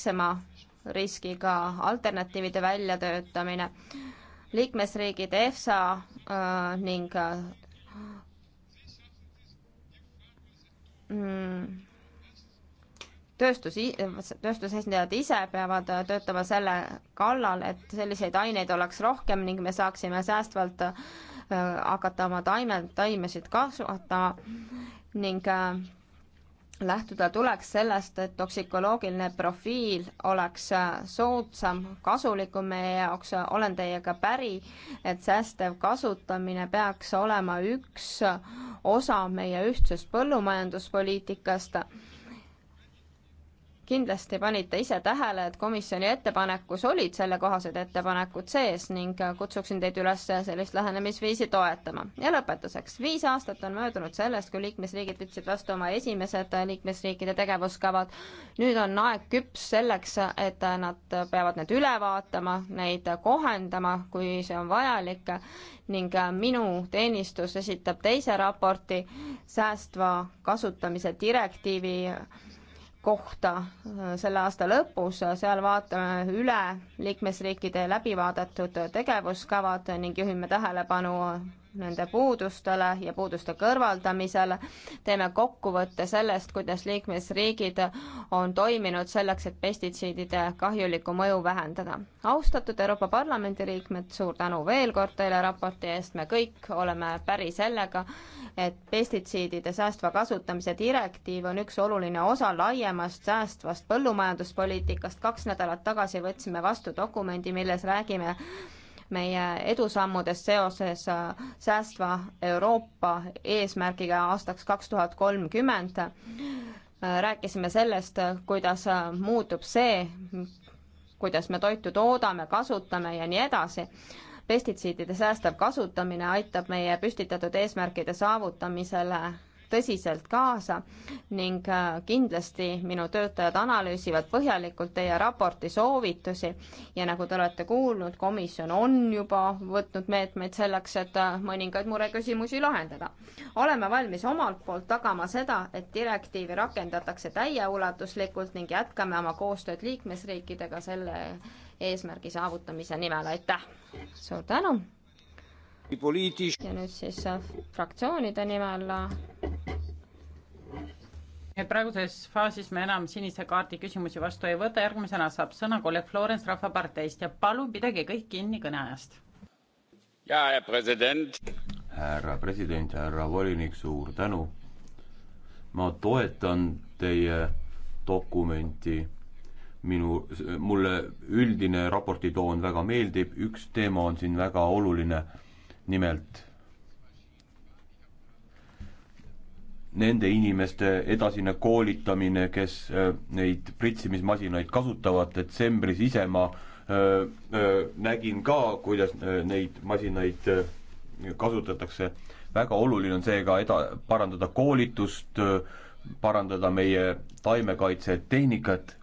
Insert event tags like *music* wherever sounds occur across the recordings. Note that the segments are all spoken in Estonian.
väiksema riskiga alternatiivide väljatöötamine. liikmesriigid EFSA äh, ning äh, mm, tööstus, tööstusesindajad ise peavad töötama selle kallal, et selliseid aineid oleks rohkem ning me saaksime säästvalt äh, hakata oma taime, taimesid kasvatama ning äh, lähtuda tuleks sellest, et toksikoloogiline profiil oleks äh, soodsam, kasulikum meie jaoks, olen teiega päri, et säästev kasutamine peaks olema üks osa meie ühtsest põllumajanduspoliitikast kindlasti panite ise tähele, et komisjoni ettepanekus olid sellekohased ettepanekud sees ning kutsuksin teid üles sellist lähenemisviisi toetama. ja lõpetuseks, viis aastat on möödunud sellest, kui liikmesriigid võtsid vastu oma esimesed liikmesriikide tegevuskavad. nüüd on aeg küps selleks, et nad peavad need üle vaatama, neid kohendama, kui see on vajalik ning minu teenistus esitab teise raporti säästva kasutamise direktiivi kohta äh, selle aasta lõpus, äh, seal vaatame üle liikmesriikide läbi vaadatud tegevuskavad ning juhime tähelepanu nende puudustele ja puuduste kõrvaldamisele. teeme kokkuvõtte sellest, kuidas liikmesriigid on toiminud selleks, et pestitsiidide kahjulikku mõju vähendada. austatud Euroopa Parlamendi liikmed, suur tänu veel kord teile raporti eest, me kõik oleme päri sellega, et pestitsiidide säästva kasutamise direktiiv on üks oluline osa laiemast säästvast põllumajanduspoliitikast. kaks nädalat tagasi võtsime vastu dokumendi, milles räägime meie edusammudest seoses äh, säästva Euroopa eesmärgiga aastaks kaks tuhat kolmkümmend. Äh, rääkisime sellest, kuidas äh, muutub see, kuidas me toitu toodame, kasutame ja nii edasi pestitsiidide säästev kasutamine aitab meie püstitatud eesmärkide saavutamisele tõsiselt kaasa ning äh, kindlasti minu töötajad analüüsivad põhjalikult teie raporti soovitusi ja nagu te olete kuulnud, komisjon on juba võtnud meetmeid selleks, et äh, mõningaid mureküsimusi lahendada. oleme valmis omalt poolt tagama seda, et direktiivi rakendatakse täieulatuslikult ning jätkame oma koostööd liikmesriikidega selle eesmärgi saavutamise nimel, aitäh! suur tänu! ja nüüd siis äh, fraktsioonide nimel et praeguses faasis me enam sinise kaardi küsimusi vastu ei võta, järgmisena saab sõna kolleeg Florence Rahvaparteist ja palun pidage kõik kinni kõneajast. ja, ja president. härra president, härra volinik, suur tänu. ma toetan teie dokumenti. minu, mulle üldine raporti toon väga meeldib, üks teema on siin väga oluline. nimelt nende inimeste edasine koolitamine, kes äh, neid pritsimismasinaid kasutavad, detsembris ise ma öö, äh, öö, äh, nägin ka, kuidas neid masinaid kasutatakse. väga oluline on seega eda-, parandada koolitust, parandada meie taimekaitsetehnikat.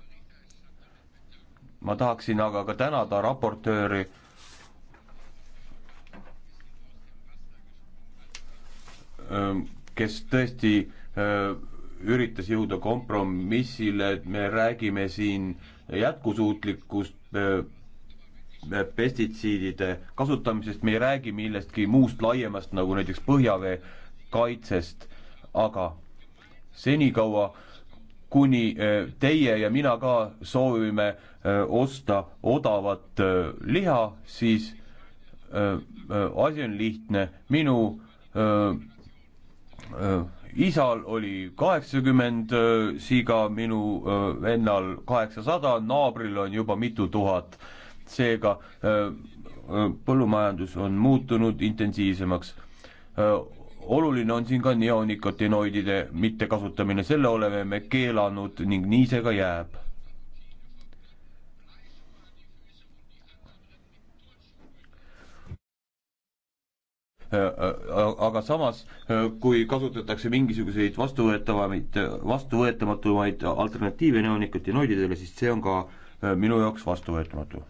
ma tahaksin aga ka tänada raportööri öö, ähm, kes tõesti öö, üritas jõuda kompromissile, et me räägime siin jätkusuutlikust öö, pestitsiidide kasutamisest, me ei räägi millestki muust laiemast, nagu näiteks põhjavee kaitsest, aga senikaua, kuni teie ja mina ka soovime osta odavat liha, siis asi on lihtne, minu Äh, isal oli kaheksakümmend äh, siga, minu äh, vennal kaheksasada, naabril on juba mitu tuhat. seega põllumajandus on muutunud intensiivsemaks. oluline on siin ka neonikotinoidide mittekasutamine, selle oleme me keelanud ning nii see ka jääb Äh, äh, aga samas, äh, kui kasutatakse mingisuguseid vastuvõetavamaid, vastuvõetamatumaid alternatiive neonikotinoididele, siis see on ka minu jaoks vastuvõetamatu.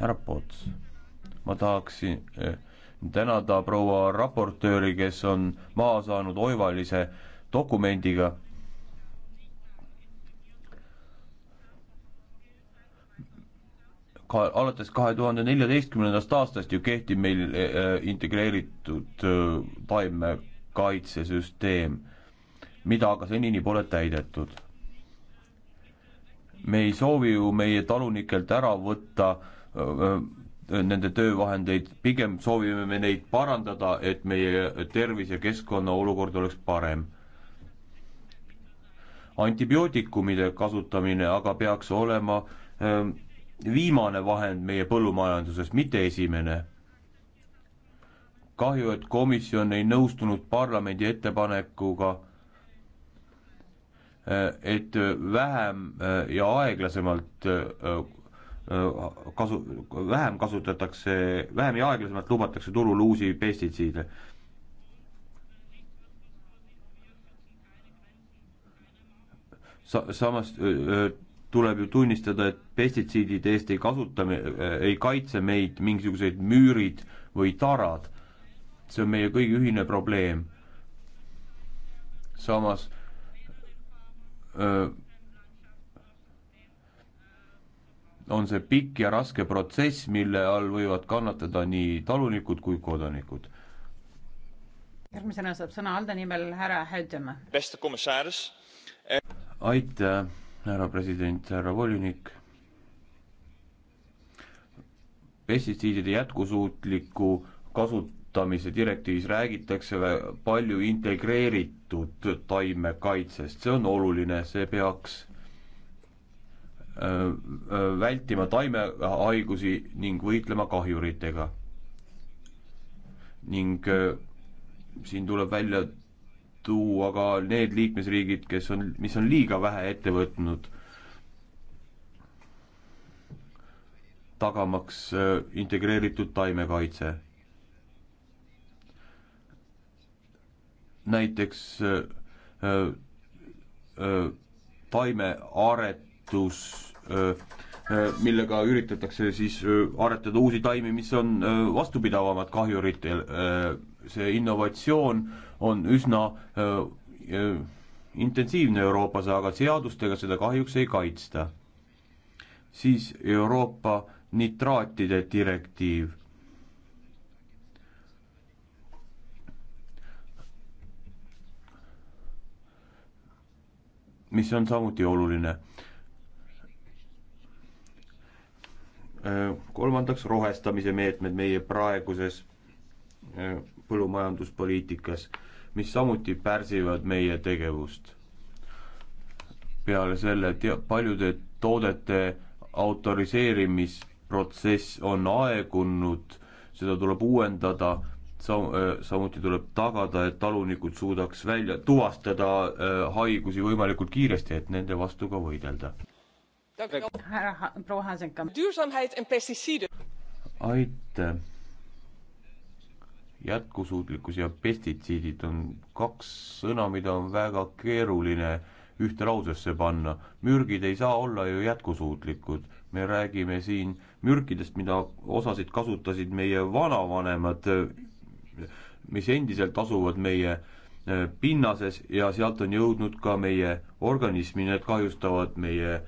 härra Poots, ma tahaksin tänada proua raportööri, kes on maha saanud oivalise dokumendiga ka alates kahe tuhande neljateistkümnendast aastast ju kehtib meil äh, integreeritud äh, taimekaitsesüsteem, mida aga senini pole täidetud. me ei soovi ju meie talunikelt ära võtta äh, nende töövahendeid, pigem soovime me neid parandada, et meie tervis ja keskkonna olukord oleks parem. antibiootikumide kasutamine aga peaks olema öö, viimane vahend meie põllumajanduses, mitte esimene. kahju, et komisjon ei nõustunud parlamendi ettepanekuga, äh, et vähem äh, ja aeglasemalt äh, kasu, vähem kasutatakse, vähem ja aeglasemalt lubatakse turul uusi pestitsiide sa-, samas öö, öö, tuleb ju tunnistada, et pestitsiidid eest ei kasuta, äh, ei kaitse meid mingisugused müürid või tarad. see on meie kõigi ühine probleem. samas öö, äh, on see pikk ja raske protsess, mille all võivad kannatada nii talunikud kui kodanikud. järgmisena saab sõna Alde nimel härra Häütemaa. Eh- aitäh härra president, härra volinik. pestitsiidide jätkusuutliku kasutamise direktiivis räägitakse palju integreeritud taimekaitsest, see on oluline, see peaks vältima taimehaigusi ning võitlema kahjuritega. ning siin tuleb välja tuua ka need liikmesriigid, kes on, mis on liiga vähe ette võtnud, tagamaks äh, integreeritud taimekaitse. näiteks äh, äh, taimearetus, millega üritatakse siis aretada uusi taimi, mis on vastupidavamad kahjuritele, see innovatsioon äh, on üsna öö, öö, intensiivne Euroopas, aga seadustega seda kahjuks ei kaitsta. siis Euroopa nitraatide direktiiv. mis on samuti oluline. kolmandaks rohestamise meetmed meie praeguses öö, põllumajanduspoliitikas, mis samuti pärsivad meie tegevust. peale selle tea-, paljude toodete autoriseerimisprotsess on aegunud, seda tuleb uuendada, sa-, äh, samuti tuleb tagada, et talunikud suudaks välja, tuvastada äh, haigusi võimalikult kiiresti, et nende vastu ka võidelda. härra, proua Hasenkamp. aitäh jätkusuutlikkus ja pestitsiidid on kaks sõna, mida on väga keeruline ühte lausesse panna. mürgid ei saa olla ju jätkusuutlikud. me räägime siin mürkidest, mida osasid kasutasid meie vanavanemad, mis endiselt asuvad meie eh, pinnases ja sealt on jõudnud ka meie organismi, need kahjustavad meie eh,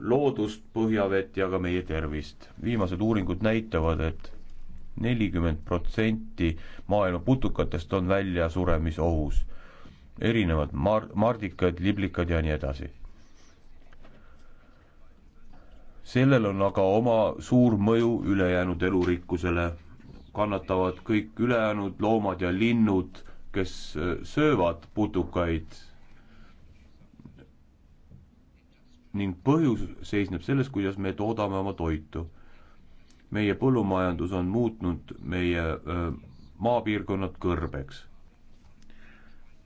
loodust, põhjavett ja ka meie tervist. viimased uuringud näitavad, et nelikümmend protsenti maailma putukatest on väljasuremisohus. erinevad mar-, mardikad, liblikad ja nii edasi. sellel on aga oma suur mõju ülejäänud elurikkusele, kannatavad kõik ülejäänud loomad ja linnud, kes äh, söövad putukaid ning põhjus seisneb selles, kuidas me toodame oma toitu meie põllumajandus on muutnud meie maapiirkonnad kõrbeks.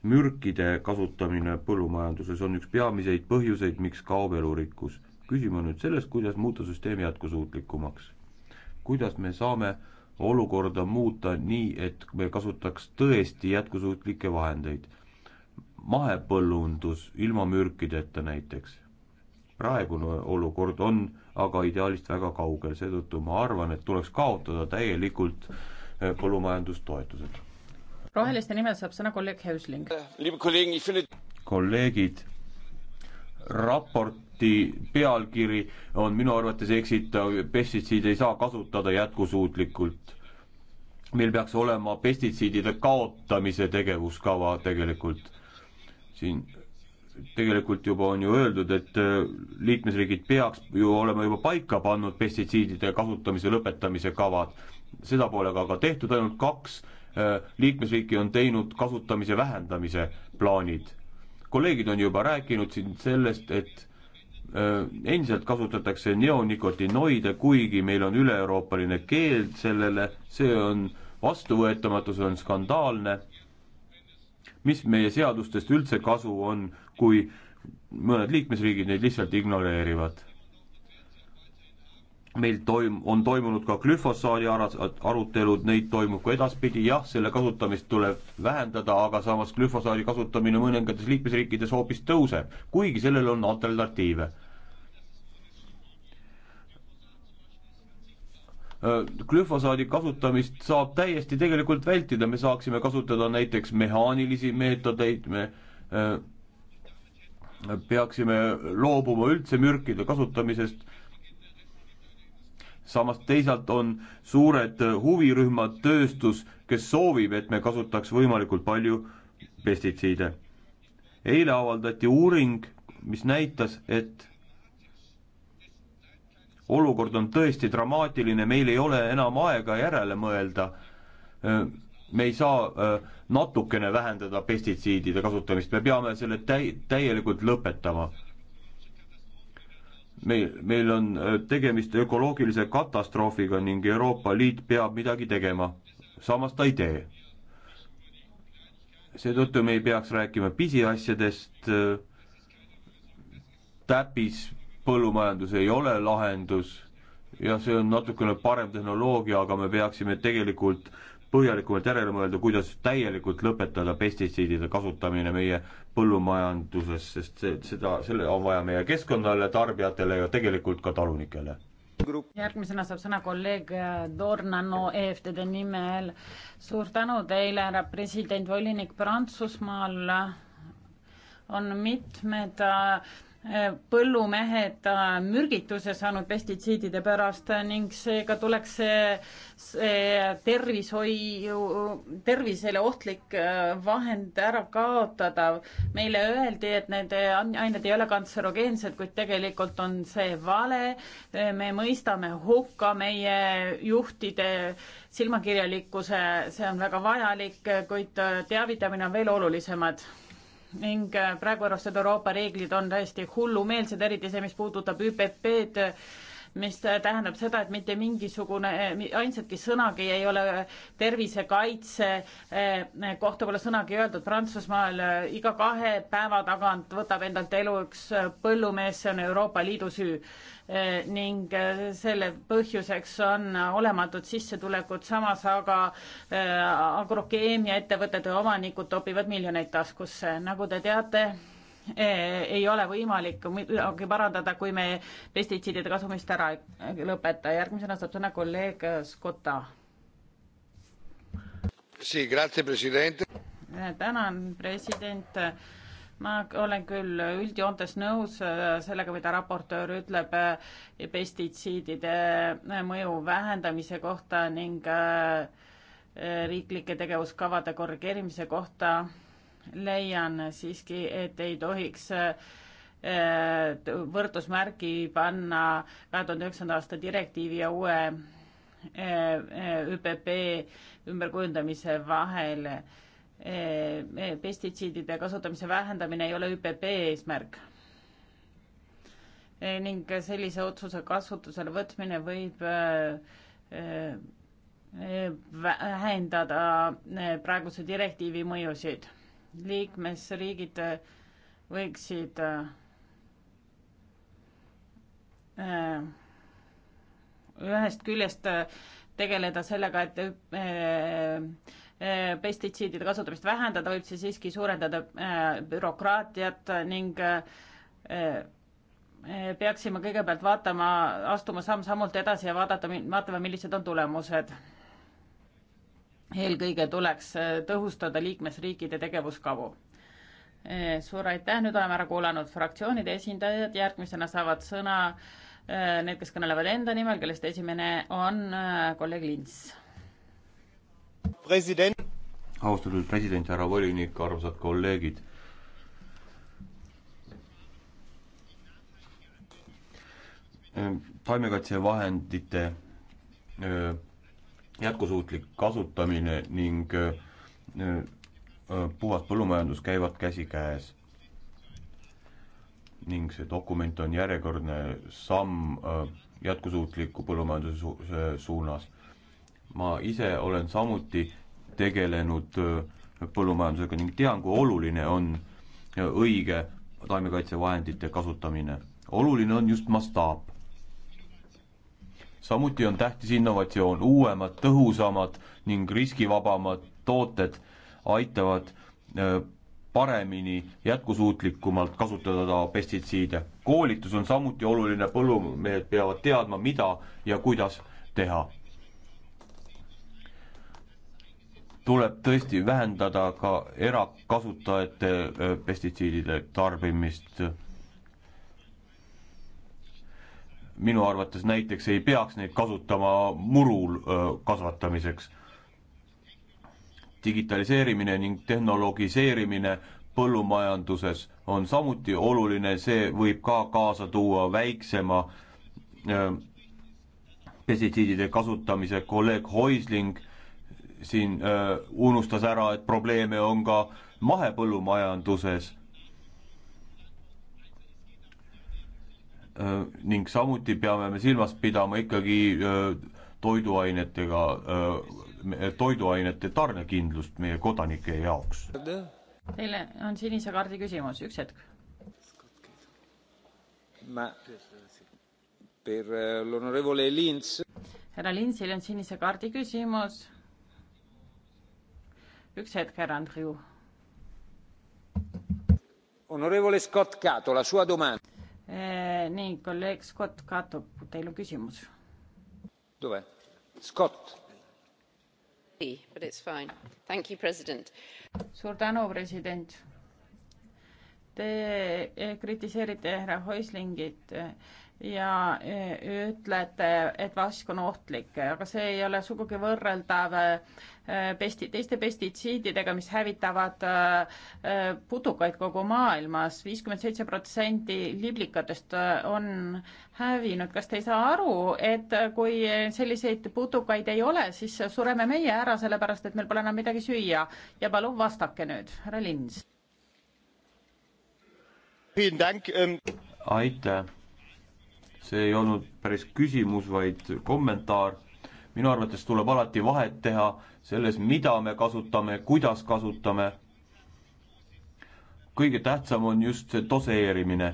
mürkide kasutamine põllumajanduses on üks peamiseid põhjuseid, miks kaob elurikkus. küsime nüüd selles, kuidas muuta süsteem jätkusuutlikumaks. kuidas me saame olukorda muuta nii, et me kasutaks tõesti jätkusuutlikke vahendeid. mahepõllundus ilma mürkideta näiteks. praegune olukord on aga ideaalist väga kaugel, seetõttu ma arvan, et tuleks kaotada täielikult eh, põllumajandustoetused. roheliste nimel saab sõna kolleeg Häusling. Eh, kolleegid, raporti pealkiri on minu arvates eksitav, pestitsiide ei saa kasutada jätkusuutlikult. meil peaks olema pestitsiidide kaotamise tegevuskava tegelikult siin tegelikult juba on ju öeldud, et äh, liikmesriigid peaks ju olema juba paika pannud pestitsiidide kasutamise lõpetamise kavad. seda pole ka aga tehtud, ainult kaks äh, liikmesriiki on teinud kasutamise vähendamise plaanid. kolleegid on juba rääkinud siin sellest, et äh, endiselt kasutatakse neonikotinoide, kuigi meil on üle-euroopaline keeld sellele, see on vastuvõetamatu, see on skandaalne. mis meie seadustest üldse kasu on, kui mõned liikmesriigid neid lihtsalt ignoreerivad. meil toim-, on toimunud ka glüfosaadi arutelud, neid toimub ka edaspidi, jah, selle kasutamist tuleb vähendada, aga samas glüfosaadi kasutamine mõningates liikmesriikides hoopis tõuseb, kuigi sellel on alternatiive glüfosaadi kasutamist saab täiesti tegelikult vältida, me saaksime kasutada näiteks mehaanilisi meetodeid, me äh, peaksime loobuma üldse mürkide kasutamisest, samas teisalt on suured huvirühmad, tööstus, kes soovib, et me kasutaks võimalikult palju pestitsiide. eile avaldati uuring, mis näitas, et olukord on tõesti dramaatiline, meil ei ole enam aega järele mõelda me ei saa äh, natukene vähendada pestitsiidide kasutamist, me peame selle täi-, täielikult lõpetama. meil, meil on äh, tegemist ökoloogilise katastroofiga ning Euroopa Liit peab midagi tegema. samas ta ei tee. seetõttu me ei peaks rääkima pisiasjadest, äh, täppispõllumajandus ei ole lahendus, jah, see on natukene parem tehnoloogia, aga me peaksime tegelikult äh, põhjalikumalt järele mõelda, kuidas täielikult lõpetada pestitsiidide kasutamine meie põllumajanduses, sest see, seda, selle on vaja meie keskkonnale, tarbijatele ja tegelikult ka talunikele. järgmisena saab sõna kolleeg Dornano EFTD nimel. suur tänu teile, härra president, volinik Prantsusmaal on mitmed äh, põllumehed mürgituse saanud pestitsiidide pärast ning seega tuleks see, see tervishoiu, tervisele ohtlik äh, vahend ära kaotada. meile öeldi, et need ained ei ole kantserogeensed, kuid tegelikult on see vale. me mõistame hukka meie juhtide silmakirjalikkuse, see on väga vajalik, kuid teavitamine on veel olulisemad ning äh, praegu arvestatud Euroopa reeglid on täiesti hullumeelsed, eriti see, mis puudutab ÜPP-d mis tähendab seda, et mitte mingisugune, ainsatki sõnagi ei ole tervisekaitse eh, kohta pole sõnagi öeldud. Prantsusmaal eh, iga kahe päeva tagant võtab endalt elu üks eh, põllumees, see on Euroopa Liidu süü ning selle põhjuseks on olematud sissetulekud, samas aga agrokeemiaettevõtete omanikud topivad miljoneid taskusse. nagu te teate, Eh, ei ole võimalik midagi parandada, kui me pestitsiidide kasumist ära ei lõpeta. järgmisena saab sõna kolleeg Scotta. tänan, president. ma olen küll üldjoontes nõus eh, sellega, mida raportöör ütleb eh, pestitsiidide mõju vähendamise kohta ning riiklike tegevuskavade korrigeerimise kohta leian siiski, et ei tohiks äh, võrdusmärgi panna kahe tuhande üheksanda aasta direktiivi ja uue äh, ÜPP ümberkujundamise vahel. Äh, pestitsiidide kasutamise vähendamine ei ole ÜPP eesmärk. ning sellise otsuse kasutusele võtmine võib vähendada praeguse direktiivi mõjusid liikmesriigid äh, võiksid äh, äh, ühest küljest tegeleda sellega, et pestitsiidide kasutamist vähendada, võib see siiski suurendada bürokraatiat ning peaksime kõigepealt vaatama, astuma samm-sammult edasi ja vaadata, vaatama, millised on tulemused eelkõige tuleks äh, tõhustada liikmesriikide tegevuskavu. Äh, suur aitäh, nüüd oleme ära kuulanud fraktsioonide esindajad, järgmisena saavad sõna äh, need, kes kõnelevad enda nimel, kellest esimene on kolleeg Lints. president. austatud president, härra volinik, armsad kolleegid. taimekaitsevahendite jätkusuutlik kasutamine ning äh, äh, puhas põllumajandus käivad käsikäes. ning see dokument on järjekordne samm äh, jätkusuutliku põllumajanduse su suunas. ma ise olen samuti tegelenud põllumajandusega ning tean, kui oluline on õige taimekaitsevahendite kasutamine. oluline on just mastaap samuti on tähtis innovatsioon, uuemad, tõhusamad ning riskivabamad tooted aitavad äh, paremini, jätkusuutlikumalt kasutada pestitsiide. koolitus on samuti oluline, põllumehed peavad teadma, mida ja kuidas teha. tuleb tõesti vähendada ka erakasutajate äh, pestitsiidide tarbimist minu arvates näiteks ei peaks neid kasutama murul kasvatamiseks. digitaliseerimine ning tehnoloogiseerimine põllumajanduses on samuti oluline, see võib ka kaasa tuua väiksema pestitsiidide kasutamise, kolleeg Häusling siin öö, unustas ära, et probleeme on ka mahepõllumajanduses Äh, ning samuti peame me silmas pidama ikkagi äh, toiduainetega, äh, toiduainete tarnekindlust meie kodanike jaoks. Teile on sinise kaardi küsimus, üks hetk. härra Linsil on sinise kaardi küsimus. üks hetk, härra Andriu. Onorevole Scott Cato, la sua domanda Eh, nii, kolleeg Scott Katub, teil on küsimus. tule, Scott. But it's fine. Thank you, president. suur tänu, president. Te eh, kritiseerite härra Häuslingit eh, ja e, ütlete, et vask on ohtlik, aga see ei ole sugugi võrreldav e, pesti, teiste pestitsiididega, mis hävitavad e, putukaid kogu maailmas. viiskümmend seitse protsenti liblikatest on hävinud. kas te ei saa aru, et kui selliseid putukaid ei ole, siis sureme meie ära, sellepärast et meil pole enam midagi süüa? ja palun vastake nüüd, härra Lins. Ähm, aitäh see ei olnud päris küsimus, vaid kommentaar. minu arvates tuleb alati vahet teha selles, mida me kasutame, kuidas kasutame. kõige tähtsam on just see doseerimine.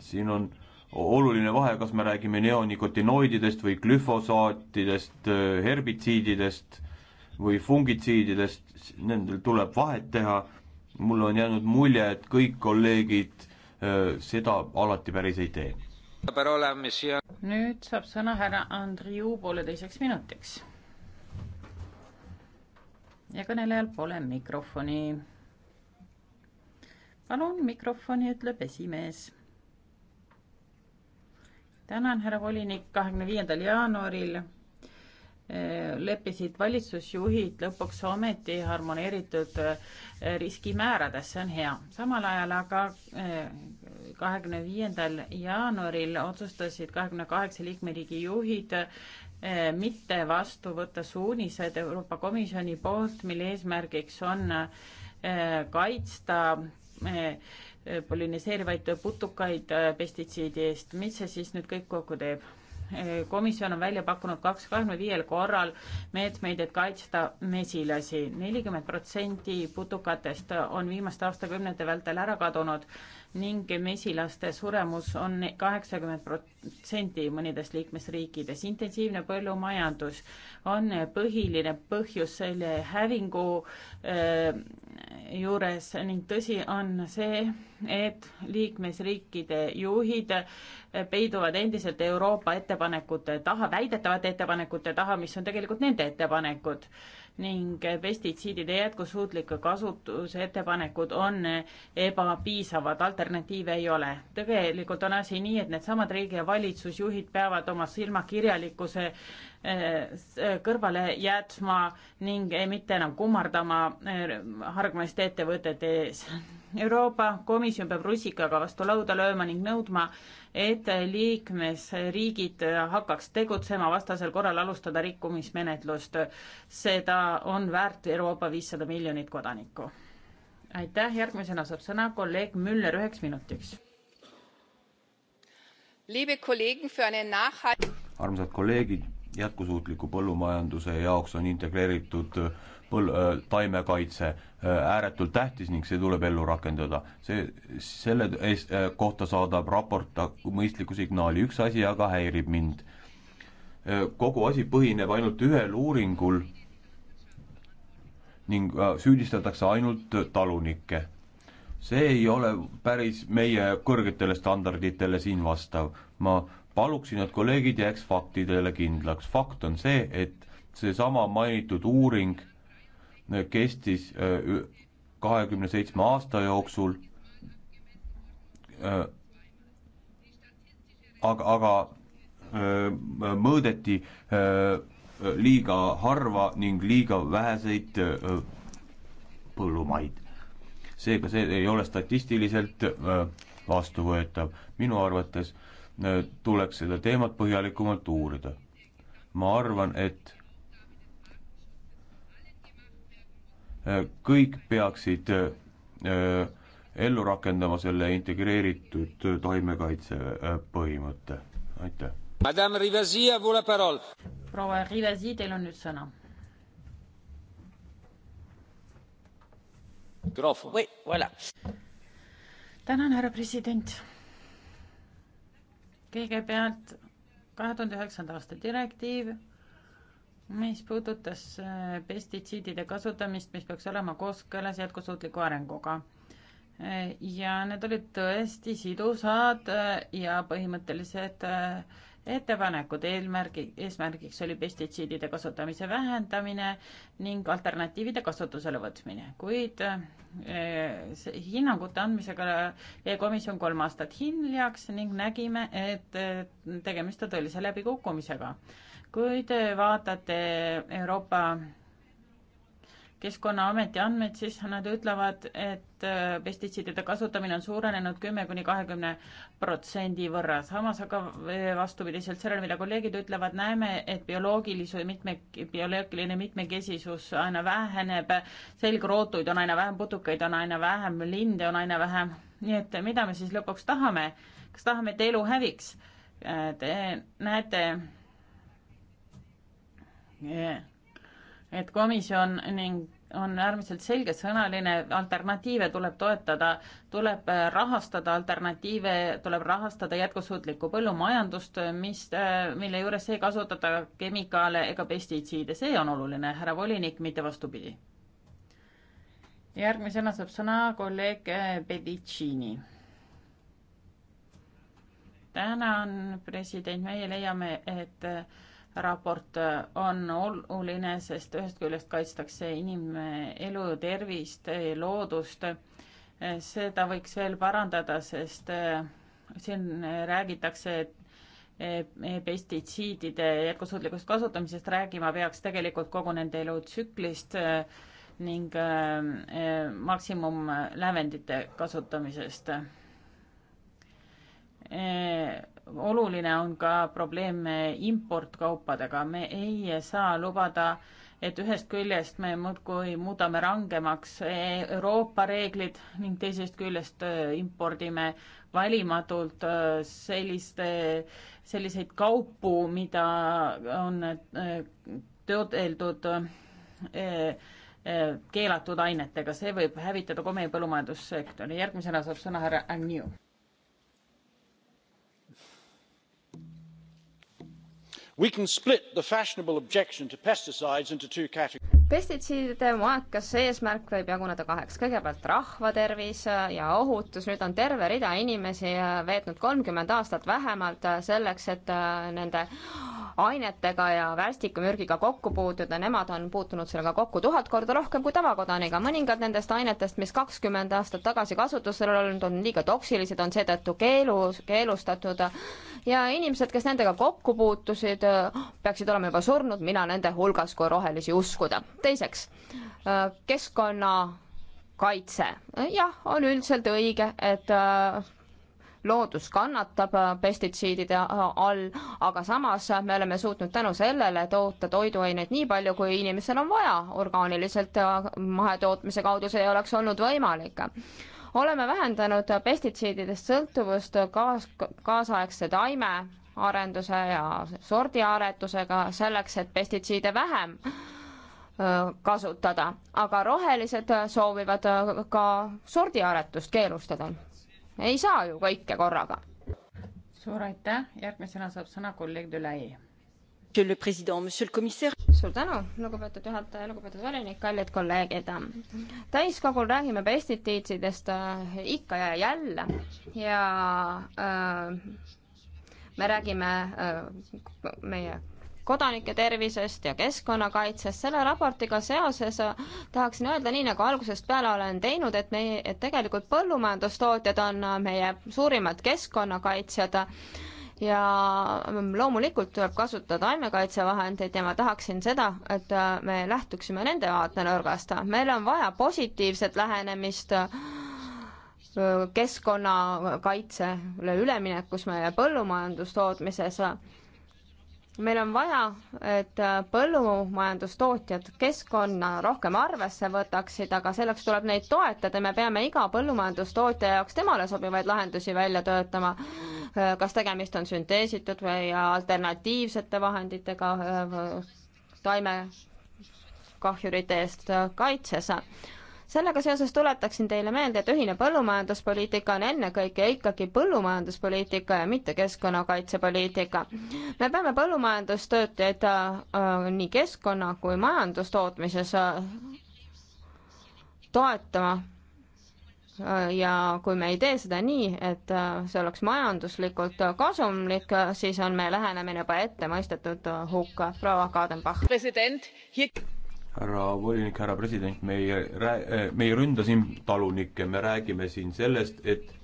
siin on oluline vahe, kas me räägime neonikotinoididest või glüfosaatidest, herbitsiididest või fungitsiididest, nendel tuleb vahet teha. mulle on jäänud mulje, et kõik kolleegid äh, seda alati päris ei tee nüüd saab sõna härra Andriu pooleteiseks minutiks. ja kõnelejal pole mikrofoni. palun mikrofoni, ütleb esimees. tänan, härra volinik, kahekümne viiendal jaanuaril leppisid valitsusjuhid lõpuks ometi harmoneeritud eh, riskimäärades, see on hea. samal ajal aga eh, kahekümne viiendal jaanuaril otsustasid kahekümne kaheksa liikmeriigi juhid eh, mitte vastu võtta suunised Euroopa Komisjoni poolt, mille eesmärgiks on kaitsta poliniseerivaid putukaid pestitsiidi eest. mis see siis nüüd kõik kokku teeb? komisjon on välja pakkunud kaks, kahekümne viiel korral meetmeid, et kaitsta mesilasi. nelikümmend protsenti putukatest on viimaste aastakümnete vältel ära kadunud ning mesilaste suremus on kaheksakümmend protsenti mõnedes liikmesriikides. intensiivne põllumajandus on põhiline põhjus selle hävingu äh, juures ning tõsi on see, et liikmesriikide juhid peiduvad endiselt Euroopa ettepanekute taha, väidetavate ettepanekute taha, mis on tegelikult nende ettepanekud ning pestitsiidide jätkusuutliku kasutuse ettepanekud on ebapiisavad, alternatiive ei ole. tegelikult on asi nii, et needsamad riigi ja valitsusjuhid peavad oma silmakirjalikkuse Eh, kõrvale jätma ning mitte enam kummardama eh, hargmaiste ettevõtete ees. Euroopa Komisjon peab rusikaga vastu lauda lööma ning nõudma, et liikmesriigid hakkaks tegutsema, vastasel korral alustada rikkumismenetlust. seda on väärt Euroopa viissada miljonit kodanikku. aitäh, järgmisena saab sõna kolleeg Müller üheks minutiks. armsad kolleegid jätkusuutliku põllumajanduse jaoks on integreeritud põl-, äh, taimekaitse äh, ääretult tähtis ning see tuleb ellu rakendada. see, selle eest, äh, kohta saadab raport mõistliku signaali, üks asi aga häirib mind. kogu asi põhineb ainult ühel uuringul ning süüdistatakse ainult talunikke. see ei ole päris meie kõrgetele standarditele siin vastav. ma paluksin, et kolleegid jääks faktidele kindlaks. fakt on see, et seesama mainitud uuring kestis äh, kahekümne seitsme aasta jooksul, äh, aga, aga äh, mõõdeti liiga harva ning liiga väheseid põllumaid. seega see ei ole statistiliselt vastuvõetav minu arvates äh, tuleks seda teemat põhjalikumalt uurida. ma arvan, et kõik peaksid äh, ellu rakendama selle integreeritud taimekaitse äh, põhimõtte, aitäh. Madame Rivasi, vole parol. proua Rivasi, teil on nüüd sõna. tänan, härra president kõigepealt kahe tuhande üheksanda aasta direktiiv, mis puudutas äh, pestitsiidide kasutamist, mis peaks olema kooskõlas jätkusuutliku arenguga. Äh, ja need olid tõesti sidusad äh, ja põhimõttelised äh, ettepanekud, eesmärgi, eesmärgiks oli pestitsiidide kasutamise vähendamine ning alternatiivide kasutusele võtmine, kuid eh, hinnangute andmisega jäi komisjon kolm aastat hiljaks ning nägime, et eh, tegemist on tõelise läbikukkumisega. kui te vaatate Euroopa keskkonnaameti andmed, siis nad ütlevad, et äh, pestitsiidide kasutamine on suurenenud kümme kuni kahekümne protsendi võrra. samas aga äh, vastupidiselt sellele, mida kolleegid ütlevad, näeme, et bioloogilise mitme, bioloogiline mitmekesisus aina väheneb, selgrootuid on aina vähem, putukaid on aina vähem, linde on aina vähem, nii et mida me siis lõpuks tahame? kas tahame, et elu häviks? Äh, te näete yeah et komisjon ning on äärmiselt selgesõnaline, alternatiive tuleb toetada, tuleb äh, rahastada alternatiive, tuleb rahastada jätkusuutlikku põllumajandust, mis, äh, mille juures ei kasutata kemikaale ega pestitsiide, see on oluline, härra volinik, mitte vastupidi. järgmisena saab sõna kolleeg äh, Pedicini. tänan, president, meie leiame, et raport äh, on oluline, sest ühest küljest kaitstakse inimelu, tervist, loodust. Äh, seda võiks veel parandada, sest äh, siin räägitakse, et pestitsiidide jätkusuutlikust kasutamisest räägima peaks tegelikult kogu nende elutsüklist ning maksimumlävendite kasutamisest Eh, oluline on ka probleem importkaupadega, me ei saa lubada, et ühest küljest me muudkui muudame rangemaks eh, Euroopa reeglid ning teisest küljest eh, impordime valimatult selliste, selliseid kaupu, mida on töödeldud keelatud ainetega, see võib hävitada ka meie põllumajandussektori. järgmisena saab sõna härra Agnew pestitsiidide maekas eesmärk võib jaguneda kaheks. kõigepealt rahvatervis äh, ja ohutus. nüüd on terve rida inimesi äh, veetnud kolmkümmend aastat vähemalt äh, selleks, et nende ainetega ja värstikumürgiga kokku puutuda, nemad on puutunud sellega kokku tuhat korda rohkem kui tavakodaniga. mõningad nendest ainetest, mis kakskümmend aastat tagasi kasutusel olnud, on liiga toksilised, on seetõttu keelu, keelustatud ja inimesed, kes nendega kokku puutusid, oh, peaksid olema juba surnud, mina nende hulgas, kui rohelisi uskuda. teiseks, äh, keskkonnakaitse. jah, on üldiselt õige, et äh, loodus kannatab äh, pestitsiidide all, aga samas me oleme suutnud tänu sellele toota toiduaineid nii palju, kui inimesel on vaja orgaaniliselt mahetootmise kaudu, see ei oleks olnud võimalik oleme vähendanud pestitsiididest sõltuvust kaas-, kaasaegse taimearenduse ja sordiaretusega selleks, et pestitsiide vähem kasutada, aga rohelised soovivad ka sordiaretust keelustada. ei saa ju kõike korraga. suur aitäh, järgmisena saab sõna kolleeg Dülei suur tänu, lugupeetud juhataja, lugupeetud volinik, kallid kolleegid. täiskogul räägime pestitiidsidest äh, ikka ja jälle ja äh, me räägime äh, meie kodanike tervisest ja keskkonnakaitsest. selle raportiga seoses äh, tahaksin öelda, nii nagu algusest peale olen teinud, et meie, et tegelikult põllumajandustootjad on äh, meie suurimad keskkonnakaitsjad ja loomulikult tuleb kasutada taimekaitsevahendeid ja ma tahaksin seda, et me lähtuksime nende vaatenurgast. meil on vaja positiivset lähenemist keskkonnakaitsele üleminekus meie põllumajandustootmises meil on vaja, et äh, põllumajandustootjad keskkonna rohkem arvesse võtaksid, aga selleks tuleb neid toetada, me peame iga põllumajandustootja jaoks temale sobivaid lahendusi välja töötama. Äh, kas tegemist on sünteesitud või alternatiivsete vahenditega äh, taimekahjurite eest kaitses sellega seoses tuletaksin teile meelde, et ühine põllumajanduspoliitika on ennekõike ikkagi põllumajanduspoliitika ja mitte keskkonnakaitsepoliitika. me peame põllumajandustöötajaid äh, äh nii keskkonna kui majandustootmises äh, toetama äh, ja kui me ei tee seda nii, et äh, see oleks majanduslikult kasumlik, siis on meie lähenemine juba ette mõistetud hukka. proua Kadenbach. president, härra volinik, härra president, me ei rää-, eh, me ei ründa siin talunikke, me räägime siin sellest, et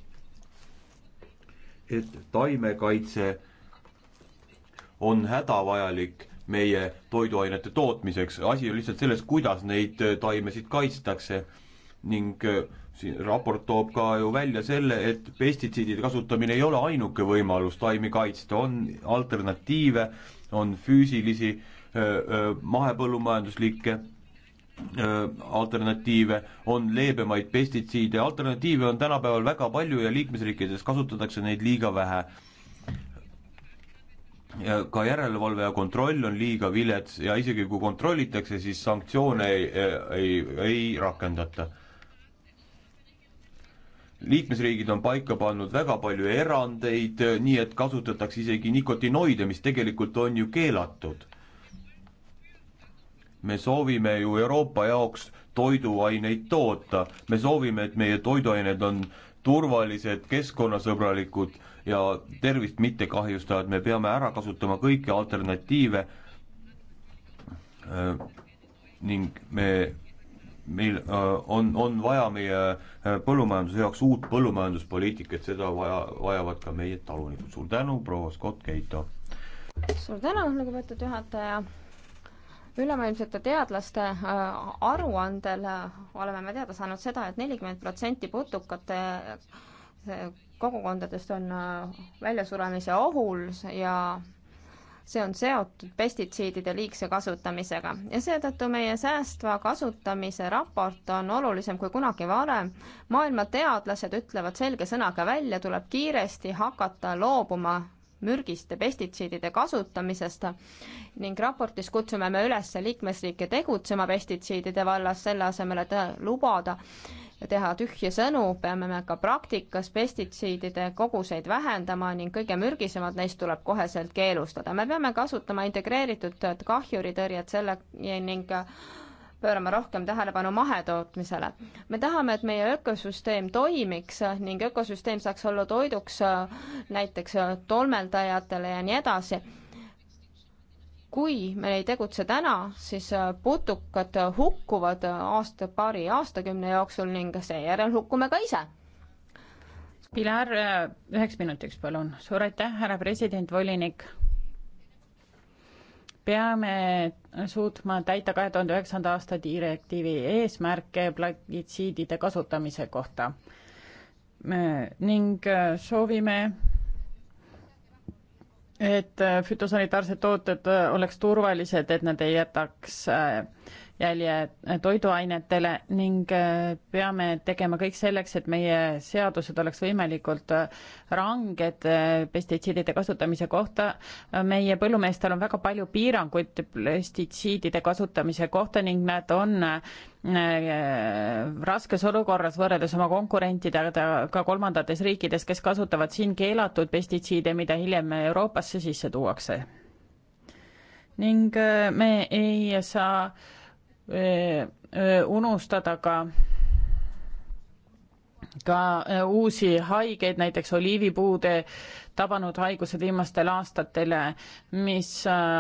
et taimekaitse on hädavajalik meie toiduainete tootmiseks, asi on lihtsalt selles, kuidas neid eh, taimesid kaitstakse ning eh, siin raport toob ka ju välja selle, et pestitsiidide kasutamine ei ole ainuke võimalus taimi kaitsta, on alternatiive, on füüsilisi äh, Äh, äh, mahepõllumajanduslikke äh, alternatiive, on leebemaid pestitsiide, alternatiive on tänapäeval väga palju ja liikmesriikides kasutatakse neid liiga vähe. ka järelevalve ja kontroll on liiga vilets ja isegi kui kontrollitakse, siis sanktsioone ei, ei, ei rakendata. liikmesriigid on paika pannud väga palju erandeid, nii et kasutatakse isegi nikotinoide, mis tegelikult on ju keelatud me soovime ju Euroopa jaoks toiduaineid toota, me soovime, et meie toiduained on turvalised, keskkonnasõbralikud ja tervist mitte kahjustavad, me peame ära kasutama kõiki alternatiive äh, ning me, meil äh, on, on vaja meie äh, põllumajanduse jaoks uut põllumajanduspoliitikat, seda vaja, vajavad ka meie talunikud. suur tänu, proua Scott Keito! suur tänu, lugupeetud juhataja! ülemaailmsete teadlaste äh, aruandel äh, oleme me teada saanud seda et, et nelikümmend protsenti putukate kogukondadest on äh, väljasuremise ohul ja see on seotud pestitsiidide liigse kasutamisega ja seetõttu meie säästva kasutamise raport on olulisem kui kunagi varem. maailma teadlased ütlevad selge sõnaga välja, tuleb kiiresti hakata loobuma mürgiste pestitsiidide kasutamisest ning raportis kutsume me üles liikmesriike tegutsema pestitsiidide vallas, selle asemel, et lubada teha tühje sõnu, peame me ka praktikas pestitsiidide koguseid vähendama ning kõige mürgisemad neist tuleb koheselt keelustada. me peame kasutama integreeritud kahjuritõrjet selle ning pöörama rohkem tähelepanu mahetootmisele. me tahame, et meie ökosüsteem toimiks ning ökosüsteem saaks olla toiduks äh, näiteks äh, tolmeldajatele ja nii edasi kui me ei tegutse täna, siis äh, putukad hukkuvad aasta, paari aastakümne jooksul ning seejärel hukkume ka ise. Pilar, üheks minutiks palun. suur aitäh, härra president, volinik peame suutma täita kahe tuhande üheksanda aasta direktiivi eesmärke plagitsiidide kasutamise kohta ning äh, soovime, et äh, fütosanitaarsed tooted äh, oleks turvalised, et nad ei jätaks jälje toiduainetele ning äh, peame tegema kõik selleks, et meie seadused oleks võimalikult äh, ranged äh, pestitsiidide kasutamise kohta. meie põllumeestel on väga palju piiranguid pestitsiidide kasutamise kohta ning nad on raskes olukorras võrreldes oma konkurentidega ka kolmandates riikides, kes kasutavad siin keelatud pestitsiide, mida hiljem Euroopasse sisse tuuakse. ning me ei saa Äh, äh, unustada ka ka äh, uusi haigeid, näiteks oliivipuude tabanud haigused viimastel aastatel, mis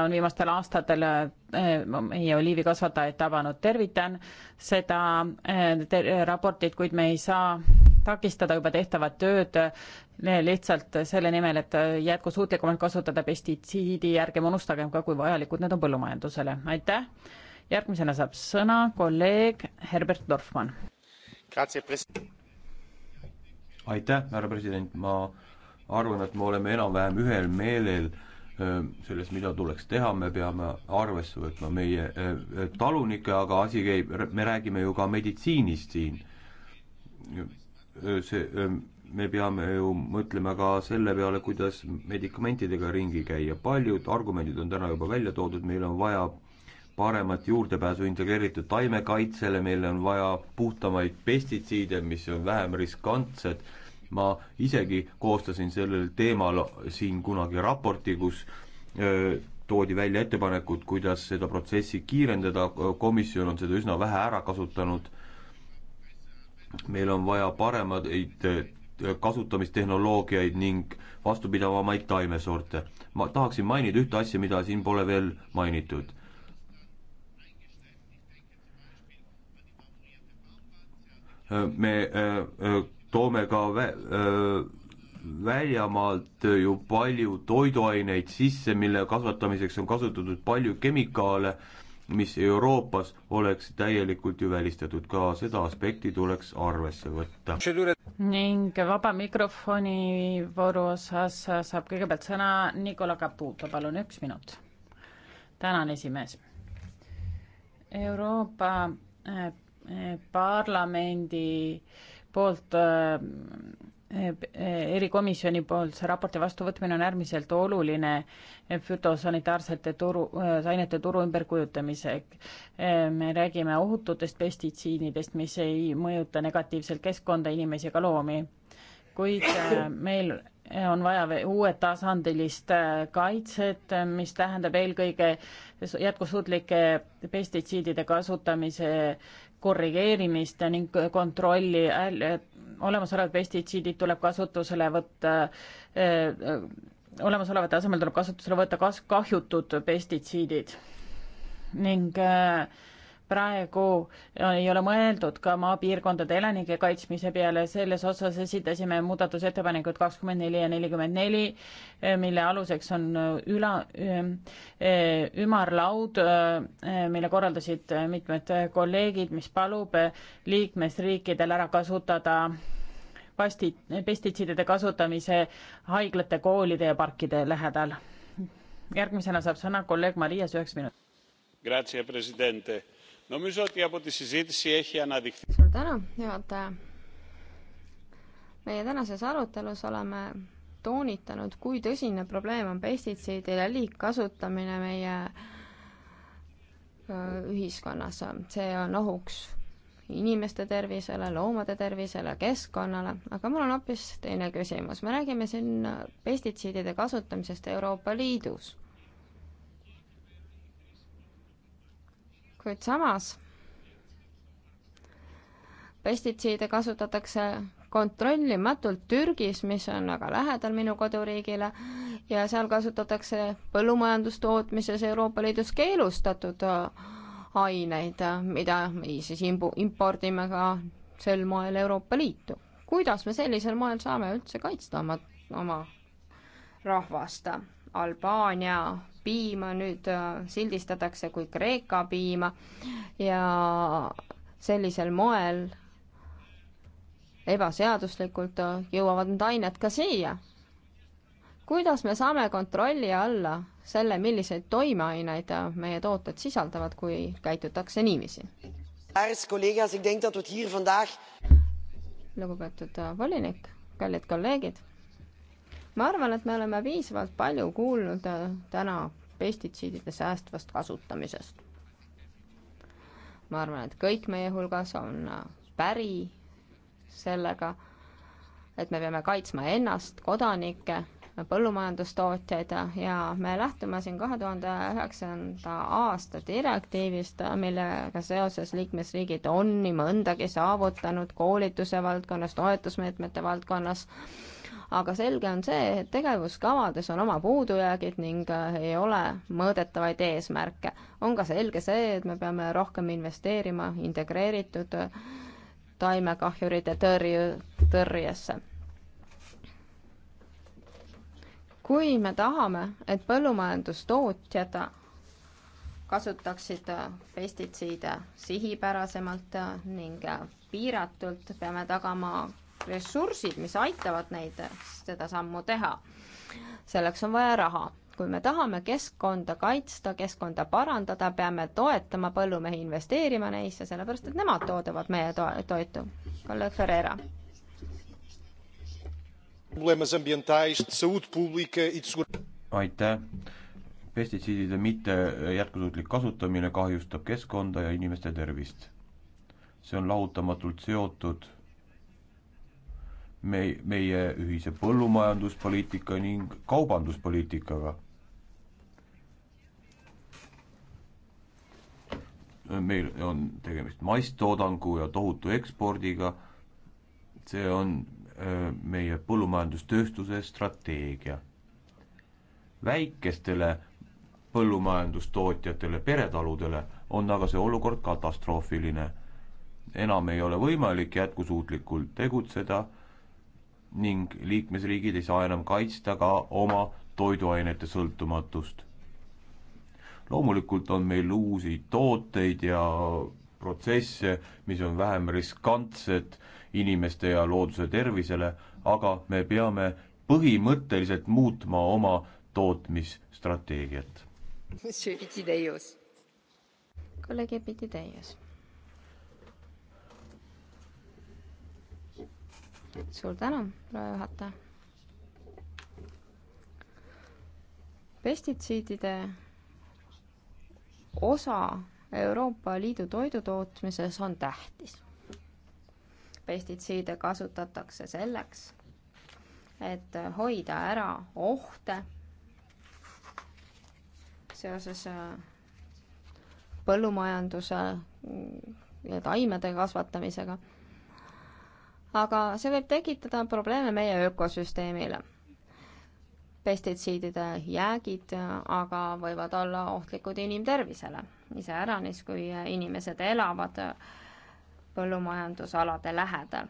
on viimastel aastatel meie oliivikasvatajaid tabanud. tervitan seda raportit, kuid me ei saa takistada juba tehtavat tööd lihtsalt selle nimel, et jätkusuutlikumalt kasutada pestitsiidi, ärgem unustagem ka, kui vajalikud need on põllumajandusele. aitäh! järgmisena saab sõna kolleeg Herbert Dorfmann. aitäh, härra president, ma arvan, et me oleme enam-vähem ühel meelel selles, mida tuleks teha, me peame arvesse võtma meie talunikke, aga asi käib, me räägime ju ka meditsiinist siin. see, me peame ju mõtlema ka selle peale, kuidas medikamentidega ringi käia, paljud argumendid on täna juba välja toodud, meil on vaja paremat juurdepääsu integreeritud taimekaitsele, meil on vaja puhtamaid pestitsiide, mis on vähem riskantsed, ma isegi koostasin sellel teemal siin kunagi raporti, kus öö, toodi välja ettepanekud, kuidas seda protsessi kiirendada, komisjon on seda üsna vähe ära kasutanud, meil on vaja paremaid kasutamistehnoloogiaid ning vastupidavamaid taimesorte. ma tahaksin mainida ühte asja, mida siin pole veel mainitud Äh, me äh, äh, toome ka vä-, väljamaalt ju palju toiduaineid sisse, mille kasvatamiseks on kasutatud palju kemikaale, mis Euroopas oleks täielikult ju välistatud, ka seda aspekti tuleks arvesse võtta. ning vaba mikrofoni vooru osas saab kõigepealt sõna Nicola Caputo, palun üks minut. tänan, esimees. Euroopa parlamendi poolt äh, äh, erikomisjoni poolt see raporti vastuvõtmine on äärmiselt oluline fütosanitaarsete turu, äh, ainete turu ümberkujutamiseks. me räägime ohututest pestitsiididest, mis ei mõjuta negatiivselt keskkonda, inimesi ega loomi. kuid meil on vaja uued tasandilist kaitset, mis tähendab eelkõige jätkusuutlike pestitsiidide kasutamise korrigeerimist ning kontrolli, olemasolevad pestitsiidid tuleb kasutusele võtta, eh, olemasolevate asemel tuleb kasutusele võtta kas-, kahjutud pestitsiidid ning öö, eh, praegu äh, ei ole mõeldud ka maapiirkondade elanike kaitsmise peale, selles osas esitasime muudatusettepanekud kakskümmend neli ja nelikümmend neli, äh, mille aluseks on äh, üla, ümarlaud, mille korraldasid mitmed kolleegid, mis palub liikmesriikidel ära kasutada pasti, pestitsiidide kasutamise haiglate, koolide ja parkide lähedal. järgmisena saab sõna kolleeg Marias üheks minutiks. Νομίζω ότι από τη συζήτηση έχει αναδειχθεί. Suur tänu, juhataja. Meie tänases arutelus oleme toonitanud, kui tõsine probleem on pestitsiidide liigkasutamine meie ühiskonnas. see on ohuks inimeste tervisele, loomade tervisele, keskkonnale, aga mul on hoopis teine küsimus. me räägime siin pestitsiidide kasutamisest Euroopa Liidus kuid samas pestitsiide kasutatakse kontrollimatult Türgis, mis on väga lähedal minu koduriigile, ja seal kasutatakse põllumajandustootmises Euroopa Liidus keelustatud äh, aineid, äh, mida me siis imbu-, impordime ka sel moel Euroopa Liitu. kuidas me sellisel moel saame üldse kaitsta oma, oma rahvast? Albaania piima nüüd äh, sildistatakse kui Kreeka piima ja sellisel moel ebaseaduslikult äh, jõuavad need ained ka siia. kuidas me saame kontrolli alla selle, milliseid toimeaineid äh, meie tooted sisaldavad, kui käitutakse niiviisi? lugupeetud volinik, kallid kolleegid ma arvan, et me oleme piisavalt palju kuulnud äh, täna pestitsiidide säästvast kasutamisest. ma arvan, et kõik meie hulgas on äh, päri sellega, et me peame kaitsma ennast, kodanikke, põllumajandustootjaid ja me lähtume siin kahe tuhande üheksanda aasta direktiivist, millega seoses liikmesriigid on nii mõndagi saavutanud koolituse valdkonnas, toetusmeetmete valdkonnas aga selge on see, et tegevuskavades on oma puudujäägid ning äh, ei ole mõõdetavaid eesmärke. on ka selge see, et me peame rohkem investeerima integreeritud taimekahjurite tõrje, tõrjesse kui me tahame, et põllumajandustootjad kasutaksid äh, pestitsiide sihipärasemalt äh, ning piiratult, peame tagama ressursid, mis aitavad neid seda sammu teha. selleks on vaja raha. kui me tahame keskkonda kaitsta, keskkonda parandada, peame toetama põllumehi investeerima neisse, sellepärast et nemad toodavad meie to toitu. kolleeg Ferreira. E aitäh pestitsiidide mitte jätkusuutlik kasutamine kahjustab keskkonda ja inimeste tervist. see on lahutamatult seotud me, meie ühise põllumajanduspoliitika ning kaubanduspoliitikaga. meil on tegemist masstoodangu ja tohutu ekspordiga, see on äh, meie põllumajandustööstuse strateegia. väikestele põllumajandustootjatele, peretaludele on aga see olukord katastroofiline. enam ei ole võimalik jätkusuutlikult tegutseda ning liikmesriigid ei saa enam kaitsta ka oma toiduainete sõltumatust. loomulikult on meil uusi tooteid ja protsesse, mis on vähem riskantsed inimeste ja looduse tervisele, aga me peame põhimõtteliselt muutma oma tootmisstrateegiat. kolleeg Epitideios suur tänu, proua juhataja. pestitsiidide osa Euroopa Liidu toidutootmises on tähtis. pestitsiide kasutatakse selleks, et hoida ära ohte seoses äh, põllumajanduse ja taimede kasvatamisega aga see võib tekitada probleeme meie ökosüsteemile. pestitsiidide jäägid äh, aga võivad olla ohtlikud inimtervisele, iseäranis, kui äh, inimesed elavad äh, põllumajandusalade lähedal.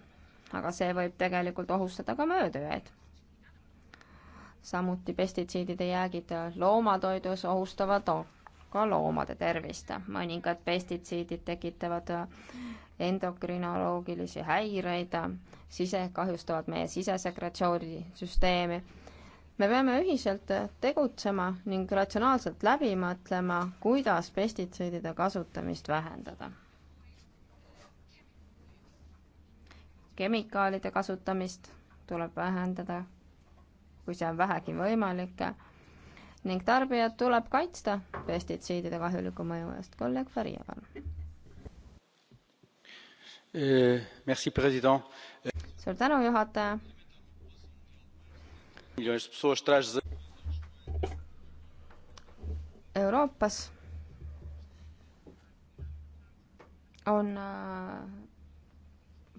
aga see võib tegelikult ohustada ka möödujaid samuti pestitsiidide jäägid loomatoidus ohustavad ka loomade tervist. mõningad pestitsiidid tekitavad endokrinoloogilisi häireid, sise, kahjustavad meie sisesekretsioonisüsteemi. me peame ühiselt tegutsema ning ratsionaalselt läbi mõtlema, kuidas pestitsiidide kasutamist vähendada. kemikaalide kasutamist tuleb vähendada, kui see on vähegi võimalik ning tarbijad tuleb kaitsta pestitsiidide kahjuliku mõju eest. kolleeg Faria, palun Euh, suur tänu, juhataja. Euroopas on äh,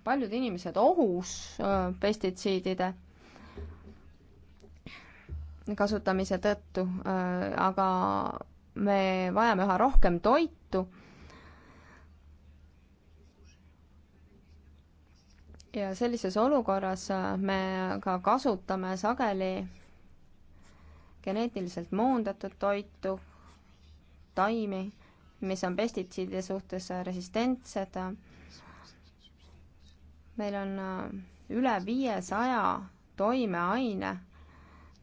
paljud inimesed ohus äh, pestitsiidide kasutamise tõttu, äh, aga me vajame üha rohkem toitu ja sellises olukorras äh, me ka kasutame sageli geneetiliselt moondatud toitu, taimi, mis on pestitsiidide suhtes äh, resistentsed. meil on äh, üle viiesaja toimeaine,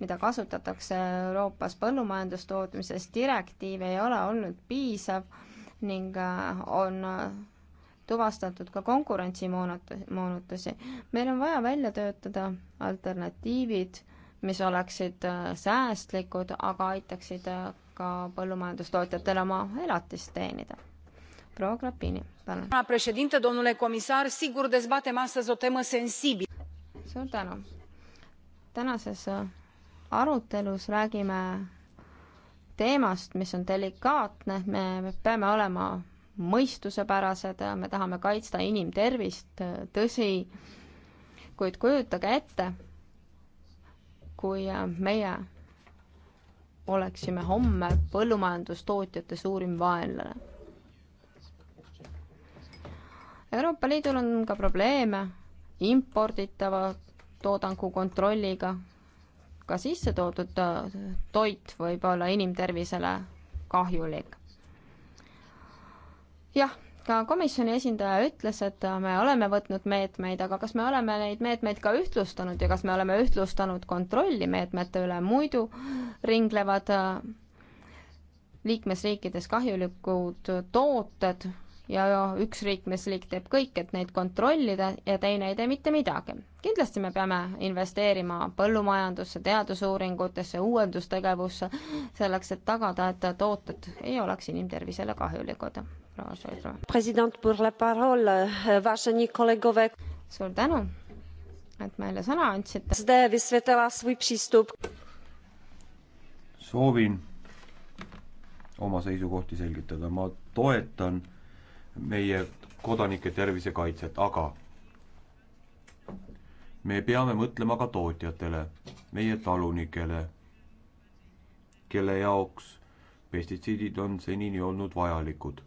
mida kasutatakse Euroopas põllumajandustootmises, direktiiv ei ole olnud piisav ning on tuvastatud ka konkurentsimoonutusi. meil on vaja välja töötada alternatiivid, mis oleksid äh, säästlikud, aga aitaksid äh, ka põllumajandustootjatel oma elatist teenida. proua Grapini, palun. suur tänu. tänases äh, arutelus räägime teemast, mis on delikaatne, me peame olema mõistusepärased, me tahame kaitsta inimtervist, tõsi, kuid kujutage ette, kui meie oleksime homme põllumajandustootjate suurim vaenlane. Euroopa Liidul on ka probleeme imporditava toodangu kontrolliga, ka sisse toodud toit võib olla inimtervisele kahjulik jah, ka komisjoni esindaja ütles, et me oleme võtnud meetmeid, aga kas me oleme neid meetmeid ka ühtlustanud ja kas me oleme ühtlustanud kontrolli meetmete üle, muidu ringlevad äh, liikmesriikides kahjulikud tooted ja üks liikmesriik teeb kõik, et neid kontrollida ja teine ei tee mitte midagi. kindlasti me peame investeerima põllumajandusse, teadusuuringutesse, uuendustegevusse, selleks et tagada, et tooted ei oleks inimtervisele kahjulikud proua Šoidrova. president, suur tänu, et meile sõna andsite. soovin oma seisukohti selgitada, ma toetan meie kodanike tervisekaitset, aga me peame mõtlema ka tootjatele, meie talunikele, kelle jaoks pestitsiidid on senini olnud vajalikud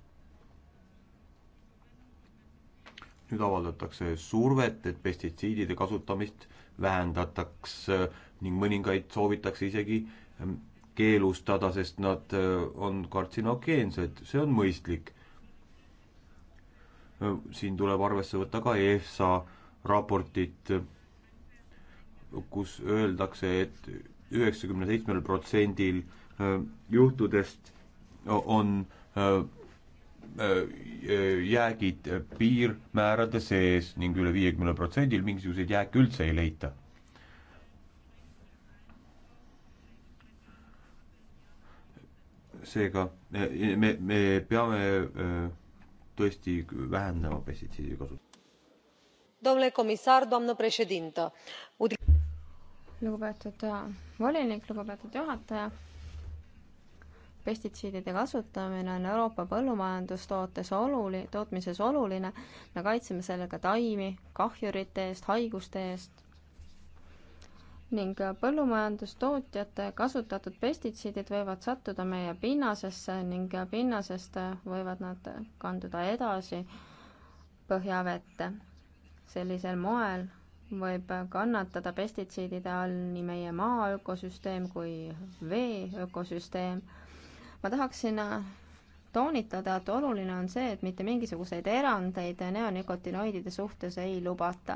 nüüd avaldatakse survet, et pestitsiidide kasutamist vähendataks ning mõningaid soovitakse isegi ähm, keelustada, sest nad äh, on kartsinogeensed, see on mõistlik. Äh, siin tuleb arvesse võtta ka EFSA raportit, äh, kus öeldakse et, et üheksakümne seitsmel protsendil juhtudest on Äh, äh, jäägid piirmäärade sees ning üle viiekümnel protsendil mingisuguseid jääke üldse ei leita. seega äh, me, me peame tõesti vähendama pestitsiidi kasutust. domnule komissar, domnule president. lugupeetud volinik, lugupeetud juhataja pestitsiidide kasutamine on Euroopa põllumajandustootes oluli-, tootmises oluline, me kaitseme sellega taimi kahjurite eest, haiguste eest ning põllumajandustootjate kasutatud pestitsiidid võivad sattuda meie pinnasesse ning pinnasest võivad nad kanduda edasi põhjavette. sellisel moel võib kannatada pestitsiidide all nii meie maa ökosüsteem kui vee ökosüsteem ma tahaksin äh, toonitada, et oluline on see, et mitte mingisuguseid erandeid neonikotinoidide suhtes ei lubata.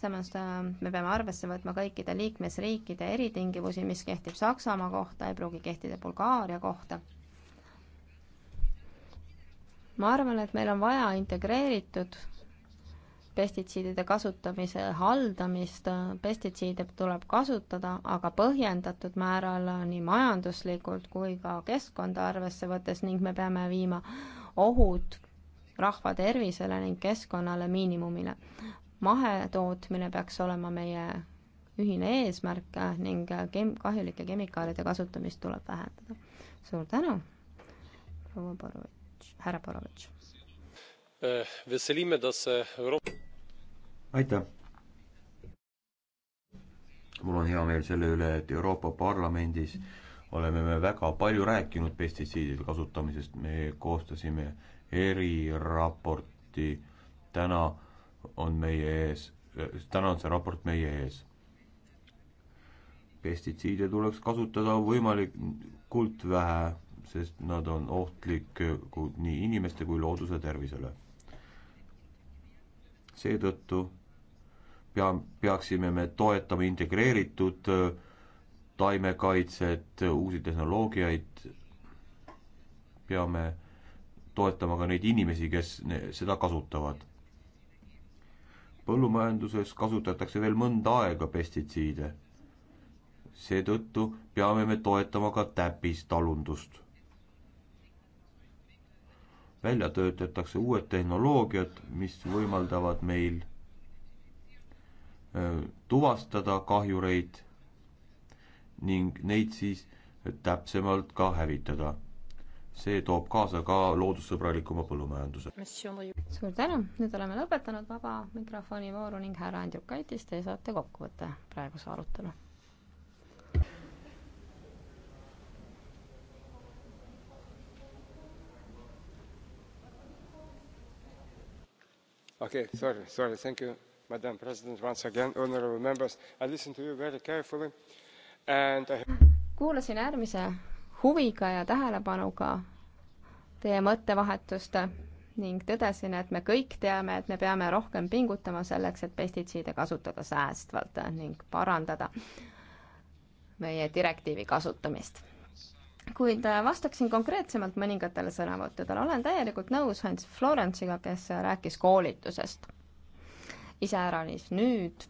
samas äh, me peame arvesse võtma kõikide liikmesriikide eritingimusi, mis kehtib Saksamaa kohta, ei pruugi kehtida Bulgaaria kohta. ma arvan, et meil on vaja integreeritud pestitsiidide kasutamise haldamist, pestitsiide tuleb kasutada, aga põhjendatud määral nii majanduslikult kui ka keskkonda arvesse võttes ning me peame viima ohud rahva tervisele ning keskkonnale miinimumile. mahetootmine peaks olema meie ühine eesmärk ning kem-, kahjulike kemikaalide kasutamist tuleb vähendada. suur tänu, proua Borovitš, härra Borovitš. E, veseli me, da se Euroopa. aitäh. mul on hea meel selle üle, et Euroopa Parlamendis oleme me väga palju rääkinud pestitsiidide kasutamisest, me koostasime eriraporti, täna on meie ees, täna on see raport meie ees. pestitsiide tuleks kasutada võimalikult vähe, sest nad on ohtlikud nii inimeste kui looduse tervisele seetõttu pea, peaksime me toetama integreeritud äh, taimekaitset, uusi tehnoloogiaid, peame toetama ka neid inimesi, kes seda kasutavad. põllumajanduses kasutatakse veel mõnda aega pestitsiide. seetõttu peame me toetama ka täppistalundust välja töötatakse uued tehnoloogiad, mis võimaldavad meil tuvastada kahjureid ning neid siis täpsemalt ka hävitada. see toob kaasa ka loodussõbralikuma põllumajanduse. suur tänu, nüüd oleme lõpetanud vaba mikrofoni vooru ning härra Andrukaitis, te saate kokkuvõtte praeguse arutelu madam president once again honourable members i listened to you very carefully and I... kuulasin äärmise huviga ja tähelepanuga teie mõttevahetust ning tõdesin, et me kõik teame, et me peame rohkem pingutama selleks, et pestitsiide kasutada säästvalt ning parandada meie direktiivi kasutamist kuid äh, vastaksin konkreetsemalt mõningatele sõnavõttudele. olen täielikult nõus Hans Florence'iga, kes rääkis koolitusest. iseäranis nüüd,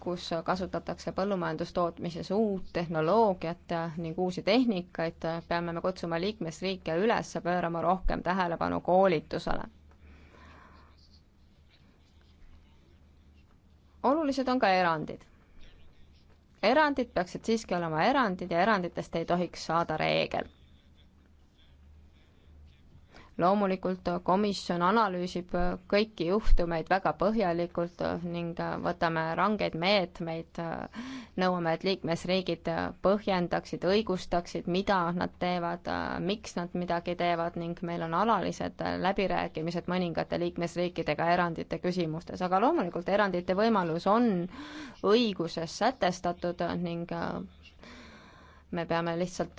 kus kasutatakse põllumajandustootmises uut tehnoloogiat ning uusi tehnikaid, peame me kutsuma liikmesriike üles pöörama rohkem tähelepanu koolitusele. olulised on ka erandid erandid peaksid siiski olema erandid ja eranditest ei tohiks saada reegel loomulikult äh, komisjon analüüsib äh, kõiki juhtumeid väga põhjalikult äh, ning võtame rangeid meetmeid, nõuame, et liikmesriigid põhjendaksid, õigustaksid, mida nad teevad, miks nad midagi teevad ning meil on alalised läbirääkimised mõningate liikmesriikidega erandite küsimustes, aga loomulikult erandite võimalus on õiguses sätestatud ning me peame lihtsalt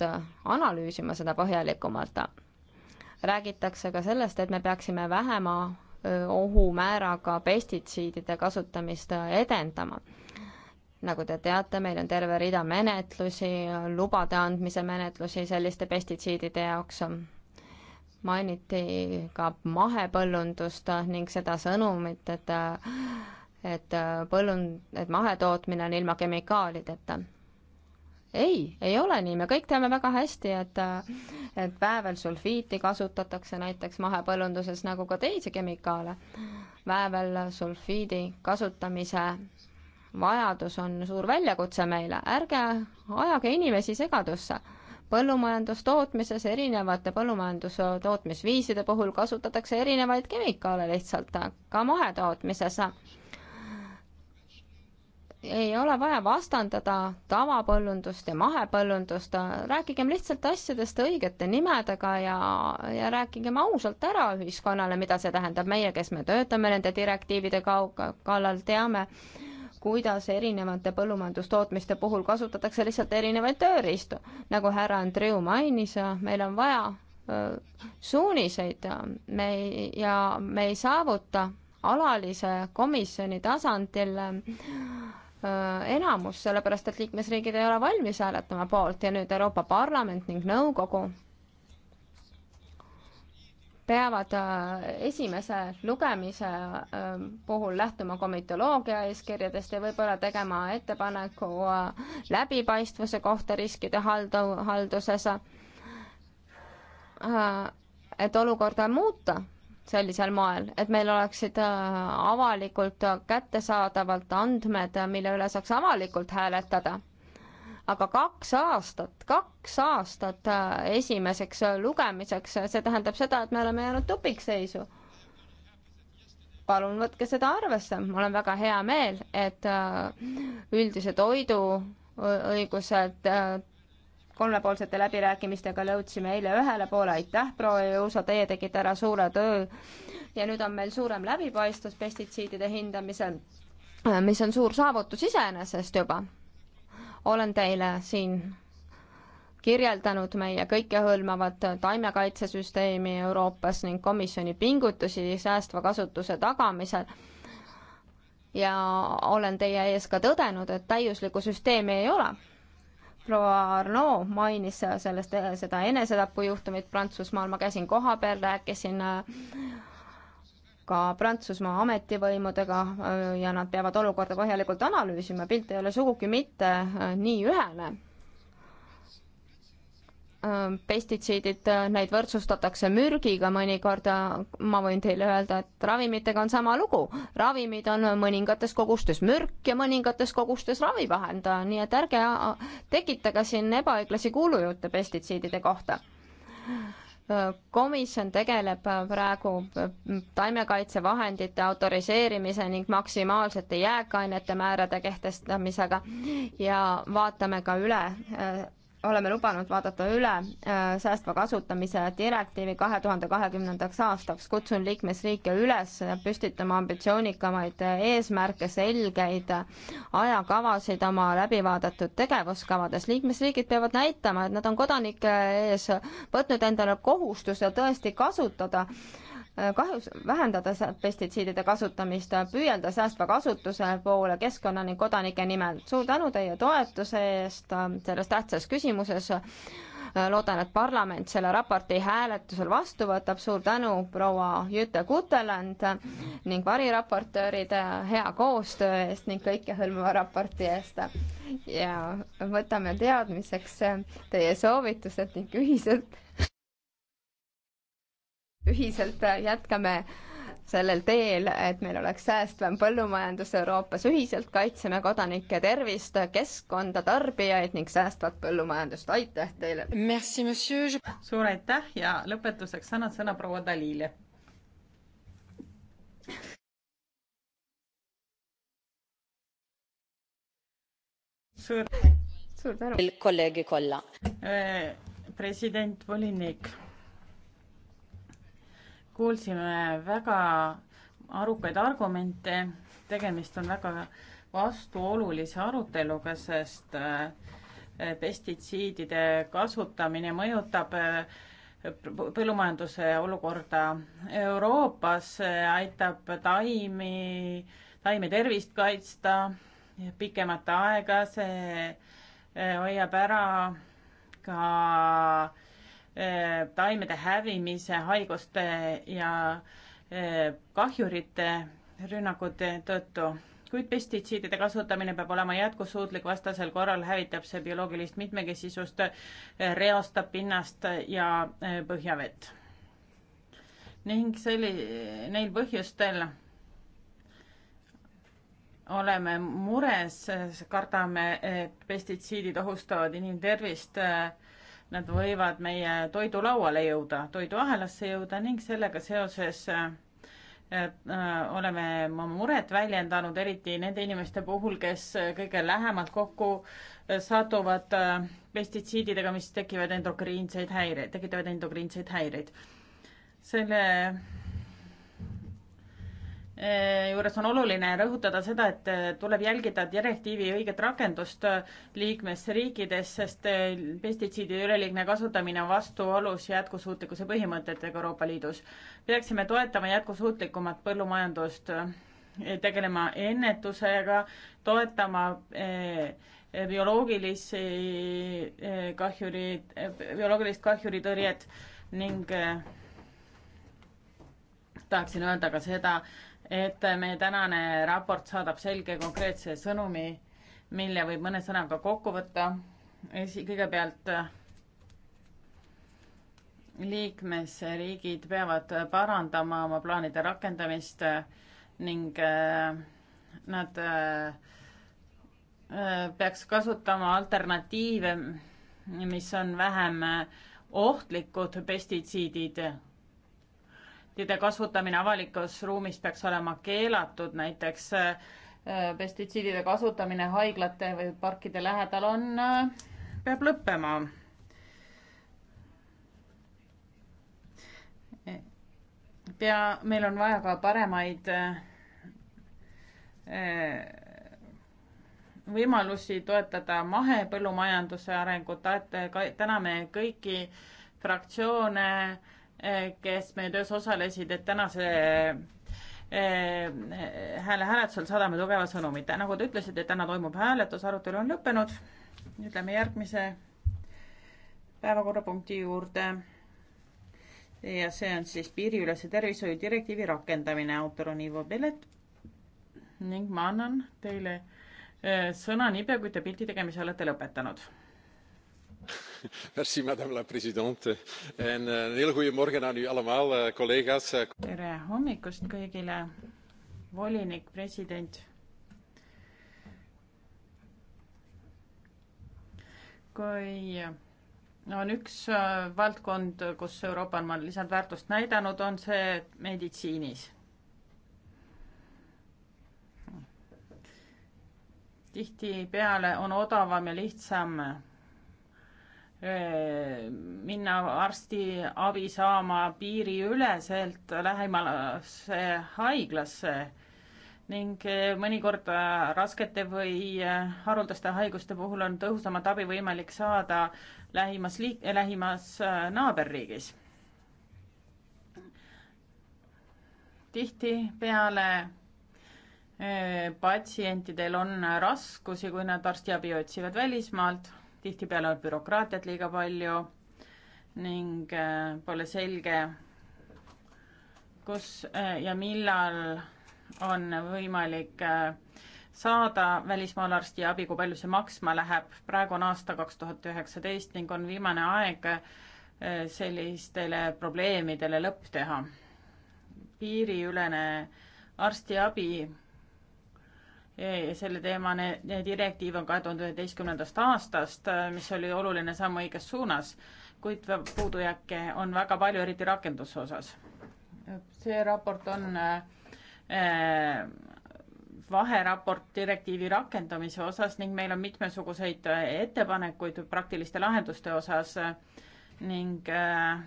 analüüsima seda põhjalikumalt räägitakse ka sellest, et me peaksime vähema ohumääraga pestitsiidide kasutamist edendama. nagu te teate, meil on terve rida menetlusi, lubade andmise menetlusi selliste pestitsiidide jaoks. mainiti ka mahepõllundust ning seda sõnumit, et et põllund-, et mahetootmine on ilma kemikaalideta ei, ei ole nii, me kõik teame väga hästi, et äh, et väävelsulfiiti kasutatakse näiteks mahepõllunduses nagu ka teisi kemikaale. väävelsulfiidi kasutamise vajadus on suur väljakutse meile, ärge ajage inimesi segadusse põllumajandustootmises erinevate põllumajandustootmisviiside puhul kasutatakse erinevaid kemikaale lihtsalt, ka mahetootmises ei ole vaja vastandada tavapõllundust ja mahepõllundust, rääkigem lihtsalt asjadest õigete nimedega ja, ja rääkigem ausalt ära ühiskonnale, mida see tähendab, meie, kes me töötame nende direktiivide kau-, kallal, teame, kuidas erinevate põllumajandustootmiste puhul kasutatakse lihtsalt erinevaid tööriistu. nagu härra Andreu mainis, meil on vaja öö, suuniseid me ei, ja me ei saavuta alalise komisjoni tasandil öö, Äh, enamus, sellepärast et liikmesriigid ei ole valmis hääletama poolt ja nüüd Euroopa Parlament ning nõukogu peavad äh, esimese lugemise äh, puhul lähtuma komitoloogia eeskirjadest ja võib-olla tegema ettepaneku läbipaistvuse kohta riskide haldu-, halduses, et olukorda muuta sellisel moel, et meil oleksid äh, avalikult kättesaadavalt andmed, mille üle saaks avalikult hääletada. aga kaks aastat, kaks aastat äh, esimeseks lugemiseks, see tähendab seda, et me oleme jäänud tupikseisu. palun võtke seda arvesse, mul on väga hea meel, et äh, üldise toiduõiguse kolmepoolsete läbirääkimistega lõudsime eile ühele poole, aitäh, proua Juuso, teie tegite ära suure töö. ja nüüd on meil suurem läbipaistvus pestitsiidide hindamisel, äh, mis on suur saavutus iseenesest juba. olen teile siin kirjeldanud meie kõikehõlmavat taimekaitsesüsteemi Euroopas ning komisjoni pingutusi säästva kasutuse tagamisel ja olen teie ees ka tõdenud, et täiuslikku süsteemi ei ole proua Arnaud mainis sellest, seda enesetapujuhtumit Prantsusmaal, ma käisin kohapeal, rääkisin äh, ka Prantsusmaa ametivõimudega äh, ja nad peavad olukorda põhjalikult analüüsima, pilt ei ole sugugi mitte äh, nii ühene Ähm, pestitsiidid, äh, neid võrdsustatakse mürgiga mõnikord, ma võin teile öelda, et ravimitega on sama lugu. ravimid on mõningates kogustes mürk ja mõningates kogustes ravivahend, nii et ärge äh, tekitage siin ebaõiglasi kuulujutte pestitsiidide kohta äh, komisjon tegeleb praegu taimekaitsevahendite autoriseerimise ning maksimaalsete jääkainete määrade kehtestamisega ja vaatame ka üle oleme lubanud vaadata üle äh, säästva kasutamise direktiivi kahe tuhande kahekümnendaks aastaks. kutsun liikmesriike üles püstitama ambitsioonikamaid eesmärke, selgeid ajakavasid oma läbivaadatud tegevuskavades. liikmesriigid peavad näitama, et nad on kodanike ees võtnud endale kohustuse tõesti kasutada äh, Äh, kahjus, vähendada pestitsiidide kasutamist, püüelda säästva kasutuse poole keskkonna ning kodanike nimel. suur tänu teie toetuse eest äh, selles tähtsas küsimuses. Äh, loodan, et parlament selle raporti hääletusel vastu võtab. suur tänu proua Jüte Kuteland ning variraportööride hea koostöö eest ning kõikehõlmava raporti eest. ja võtame teadmiseks teie soovitused ning ühiselt ühiselt jätkame sellel teel, et meil oleks säästvam põllumajandus Euroopas, ühiselt kaitseme kodanike tervist, keskkonda, tarbijaid ning säästvat põllumajandust, aitäh teile! suur aitäh ja lõpetuseks annan sõna proua Dalile. suur, suur tänu! kolleegi Kolla. Äh, president, volinik kuulsime väga arukaid argumente, tegemist on väga vastuolulise aruteluga, sest äh, pestitsiidide kasutamine mõjutab äh, põllumajanduse olukorda Euroopas, äh, aitab taimi, taime tervist kaitsta pikemat aega, see hoiab ära ka äh, Eh, taimede hävimise, haiguste ja eh, kahjurite rünnakute tõttu. kuid pestitsiidide kasutamine peab olema jätkusuutlik, vastasel korral hävitab see bioloogilist mitmekesisust, eh, reostab pinnast ja põhjavett. ning selli-, neil põhjustel oleme mures, kardame, et pestitsiidid ohustavad inimtervist äh, nad võivad meie toidulauale jõuda, toiduahelasse jõuda ning sellega seoses äh, äh, oleme oma muret väljendanud, eriti nende inimeste puhul, kes äh, kõige lähemalt kokku satuvad pestitsiididega, mis tekivad endokriinseid häireid, tekitavad endokriinseid häireid. selle Eh, juures on oluline rõhutada seda, et eh, tuleb jälgida direktiivi õiget rakendust eh, liikmesriikides, sest pestitsiidide üleliigne kasutamine on vastuolus jätkusuutlikkuse põhimõtetega Euroopa Liidus. peaksime toetama jätkusuutlikumat põllumajandust, tegelema ennetusega, toetama bioloogilisi kahjurid, bioloogilist kahjuritõrjet ning tahaksin öelda ka seda, et meie tänane raport saadab selge konkreetse sõnumi, mille võib mõne sõnaga kokku võtta. esi, kõigepealt liikmesriigid peavad parandama oma plaanide rakendamist ning äh, nad äh, peaks kasutama alternatiive, mis on vähem ohtlikud pestitsiidid pestitsiidide kasutamine avalikus ruumis peaks olema keelatud, näiteks äh, pestitsiidide kasutamine haiglate või parkide lähedal on, äh, peab lõppema. pea, meil on vaja ka paremaid äh, võimalusi toetada mahepõllumajanduse arengut, täname kõiki fraktsioone Eh, kes meie töös osalesid, et tänase eh, hääle hääletusel saadame tugeva sõnumi. nagu te ütlesite, täna toimub hääletus, arutelu on lõppenud. nüüd lähme järgmise päevakorrapunkti juurde. ja see on siis piiriülese tervishoiu direktiivi rakendamine. autor on Ivo Pellet ning ma annan teile eh, sõna niipea, kui te pildi tegemise olete lõpetanud *laughs* madame la president en een eh, hele goede morgen aan u allemaal, eh, collega's. tere hommikust kõigile, volinik, president. kui on üks eh, valdkond, kus Euroopa on lisandväärtust näidanud, on see meditsiinis. tihtipeale on odavam ja lihtsam minna arstiabi saama piiriüleselt lähimasse haiglasse ning eh, mõnikord eh, raskete või eh, haruldaste haiguste puhul on tõhusamat abi võimalik saada lähimas liik-, lähimas naaberriigis. tihtipeale patsientidel on raskusi, kui nad arstiabi otsivad välismaalt tihtipeale on bürokraatiat liiga palju ning äh, pole selge, kus äh, ja millal on võimalik äh, saada välismaal arstiabi, kui palju see maksma läheb. praegu on aasta kaks tuhat üheksateist ning on viimane aeg sellistele probleemidele lõpp teha. piiriülene arstiabi selleteemane direktiiv on kahe tuhande üheteistkümnendast aastast, mis oli oluline samm õiges suunas, kuid puudujääke on väga palju, eriti rakenduse osas. see raport on äh, vaheraport direktiivi rakendamise osas ning meil on mitmesuguseid ettepanekuid praktiliste lahenduste osas ning äh,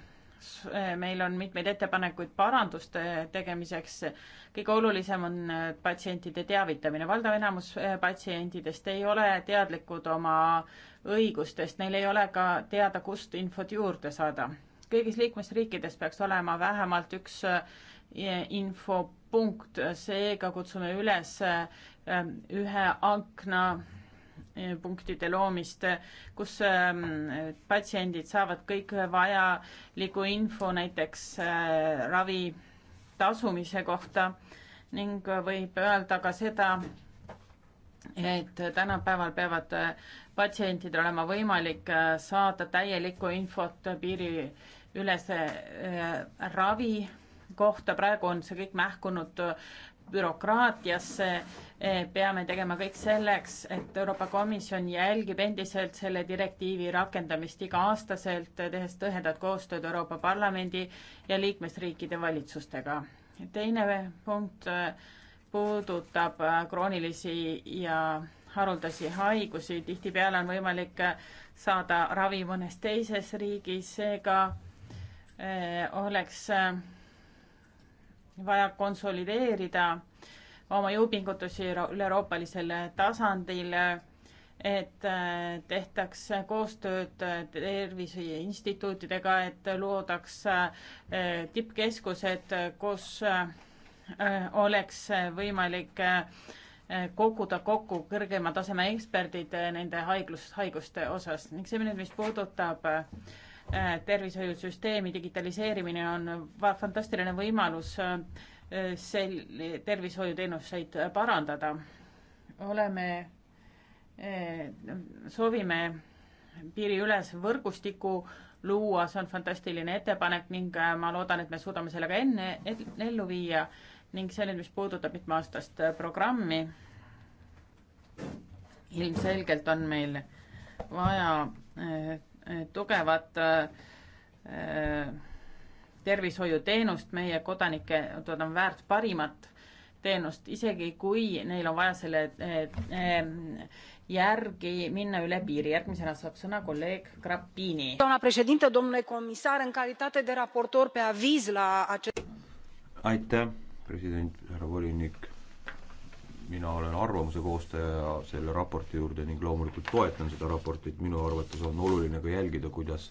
meil on mitmeid ettepanekuid paranduste tegemiseks. kõige olulisem on äh, patsientide teavitamine. valdav enamus äh, patsientidest ei ole teadlikud oma õigustest, neil ei ole ka teada, kust infot juurde saada. kõigis liikmesriikides peaks olema vähemalt üks äh, infopunkt, seega kutsume üles ühe akna punktide loomist, kus ähm, patsiendid saavad kõik vajaliku info näiteks äh, ravi tasumise kohta ning võib öelda ka seda, et tänapäeval peavad äh, patsientidel olema võimalik äh, saada täielikku infot piiriülese ravi kohta, praegu on see kõik mähkunud bürokraatiasse, eh, peame tegema kõik selleks, et Euroopa Komisjon jälgib endiselt selle direktiivi rakendamist iga-aastaselt, tehes tõhendat koostööd Euroopa Parlamendi ja liikmesriikide valitsustega. teine punkt eh, puudutab eh, kroonilisi ja haruldasi haigusi, tihtipeale on võimalik saada ravi mõnes teises riigis, seega oleks äh, vaja konsolideerida oma jõupingutusi üle-euroopalisel tasandil, et äh, tehtaks koostööd äh, terviseinstituutidega, et loodaks äh, tippkeskused, kus oleks võimalik koguda kokku kõrgema taseme eksperdid nende haiglus, haiguste osas ning see nüüd, mis puudutab äh, Äh, tervishoiusüsteemi digitaliseerimine on fantastiline võimalus äh, sel-, tervishoiuteenuseid parandada. oleme, äh, soovime piiriüles võrgustiku luua, see on fantastiline ettepanek ning ma loodan, et me suudame selle ka enne et, ellu viia ning see nüüd, mis puudutab mitmeaastast programmi, ilmselgelt on meil vaja tugevat äh, tervishoiuteenust, meie kodanike, nad on väärt parimat teenust, isegi kui neil on vaja selle äh, äh, järgi minna üle piiri. järgmisena saab sõna kolleeg Grappini. aitäh, president, härra volinik mina olen arvamuse koostaja selle raporti juurde ning loomulikult toetan seda raportit, minu arvates on oluline ka jälgida, kuidas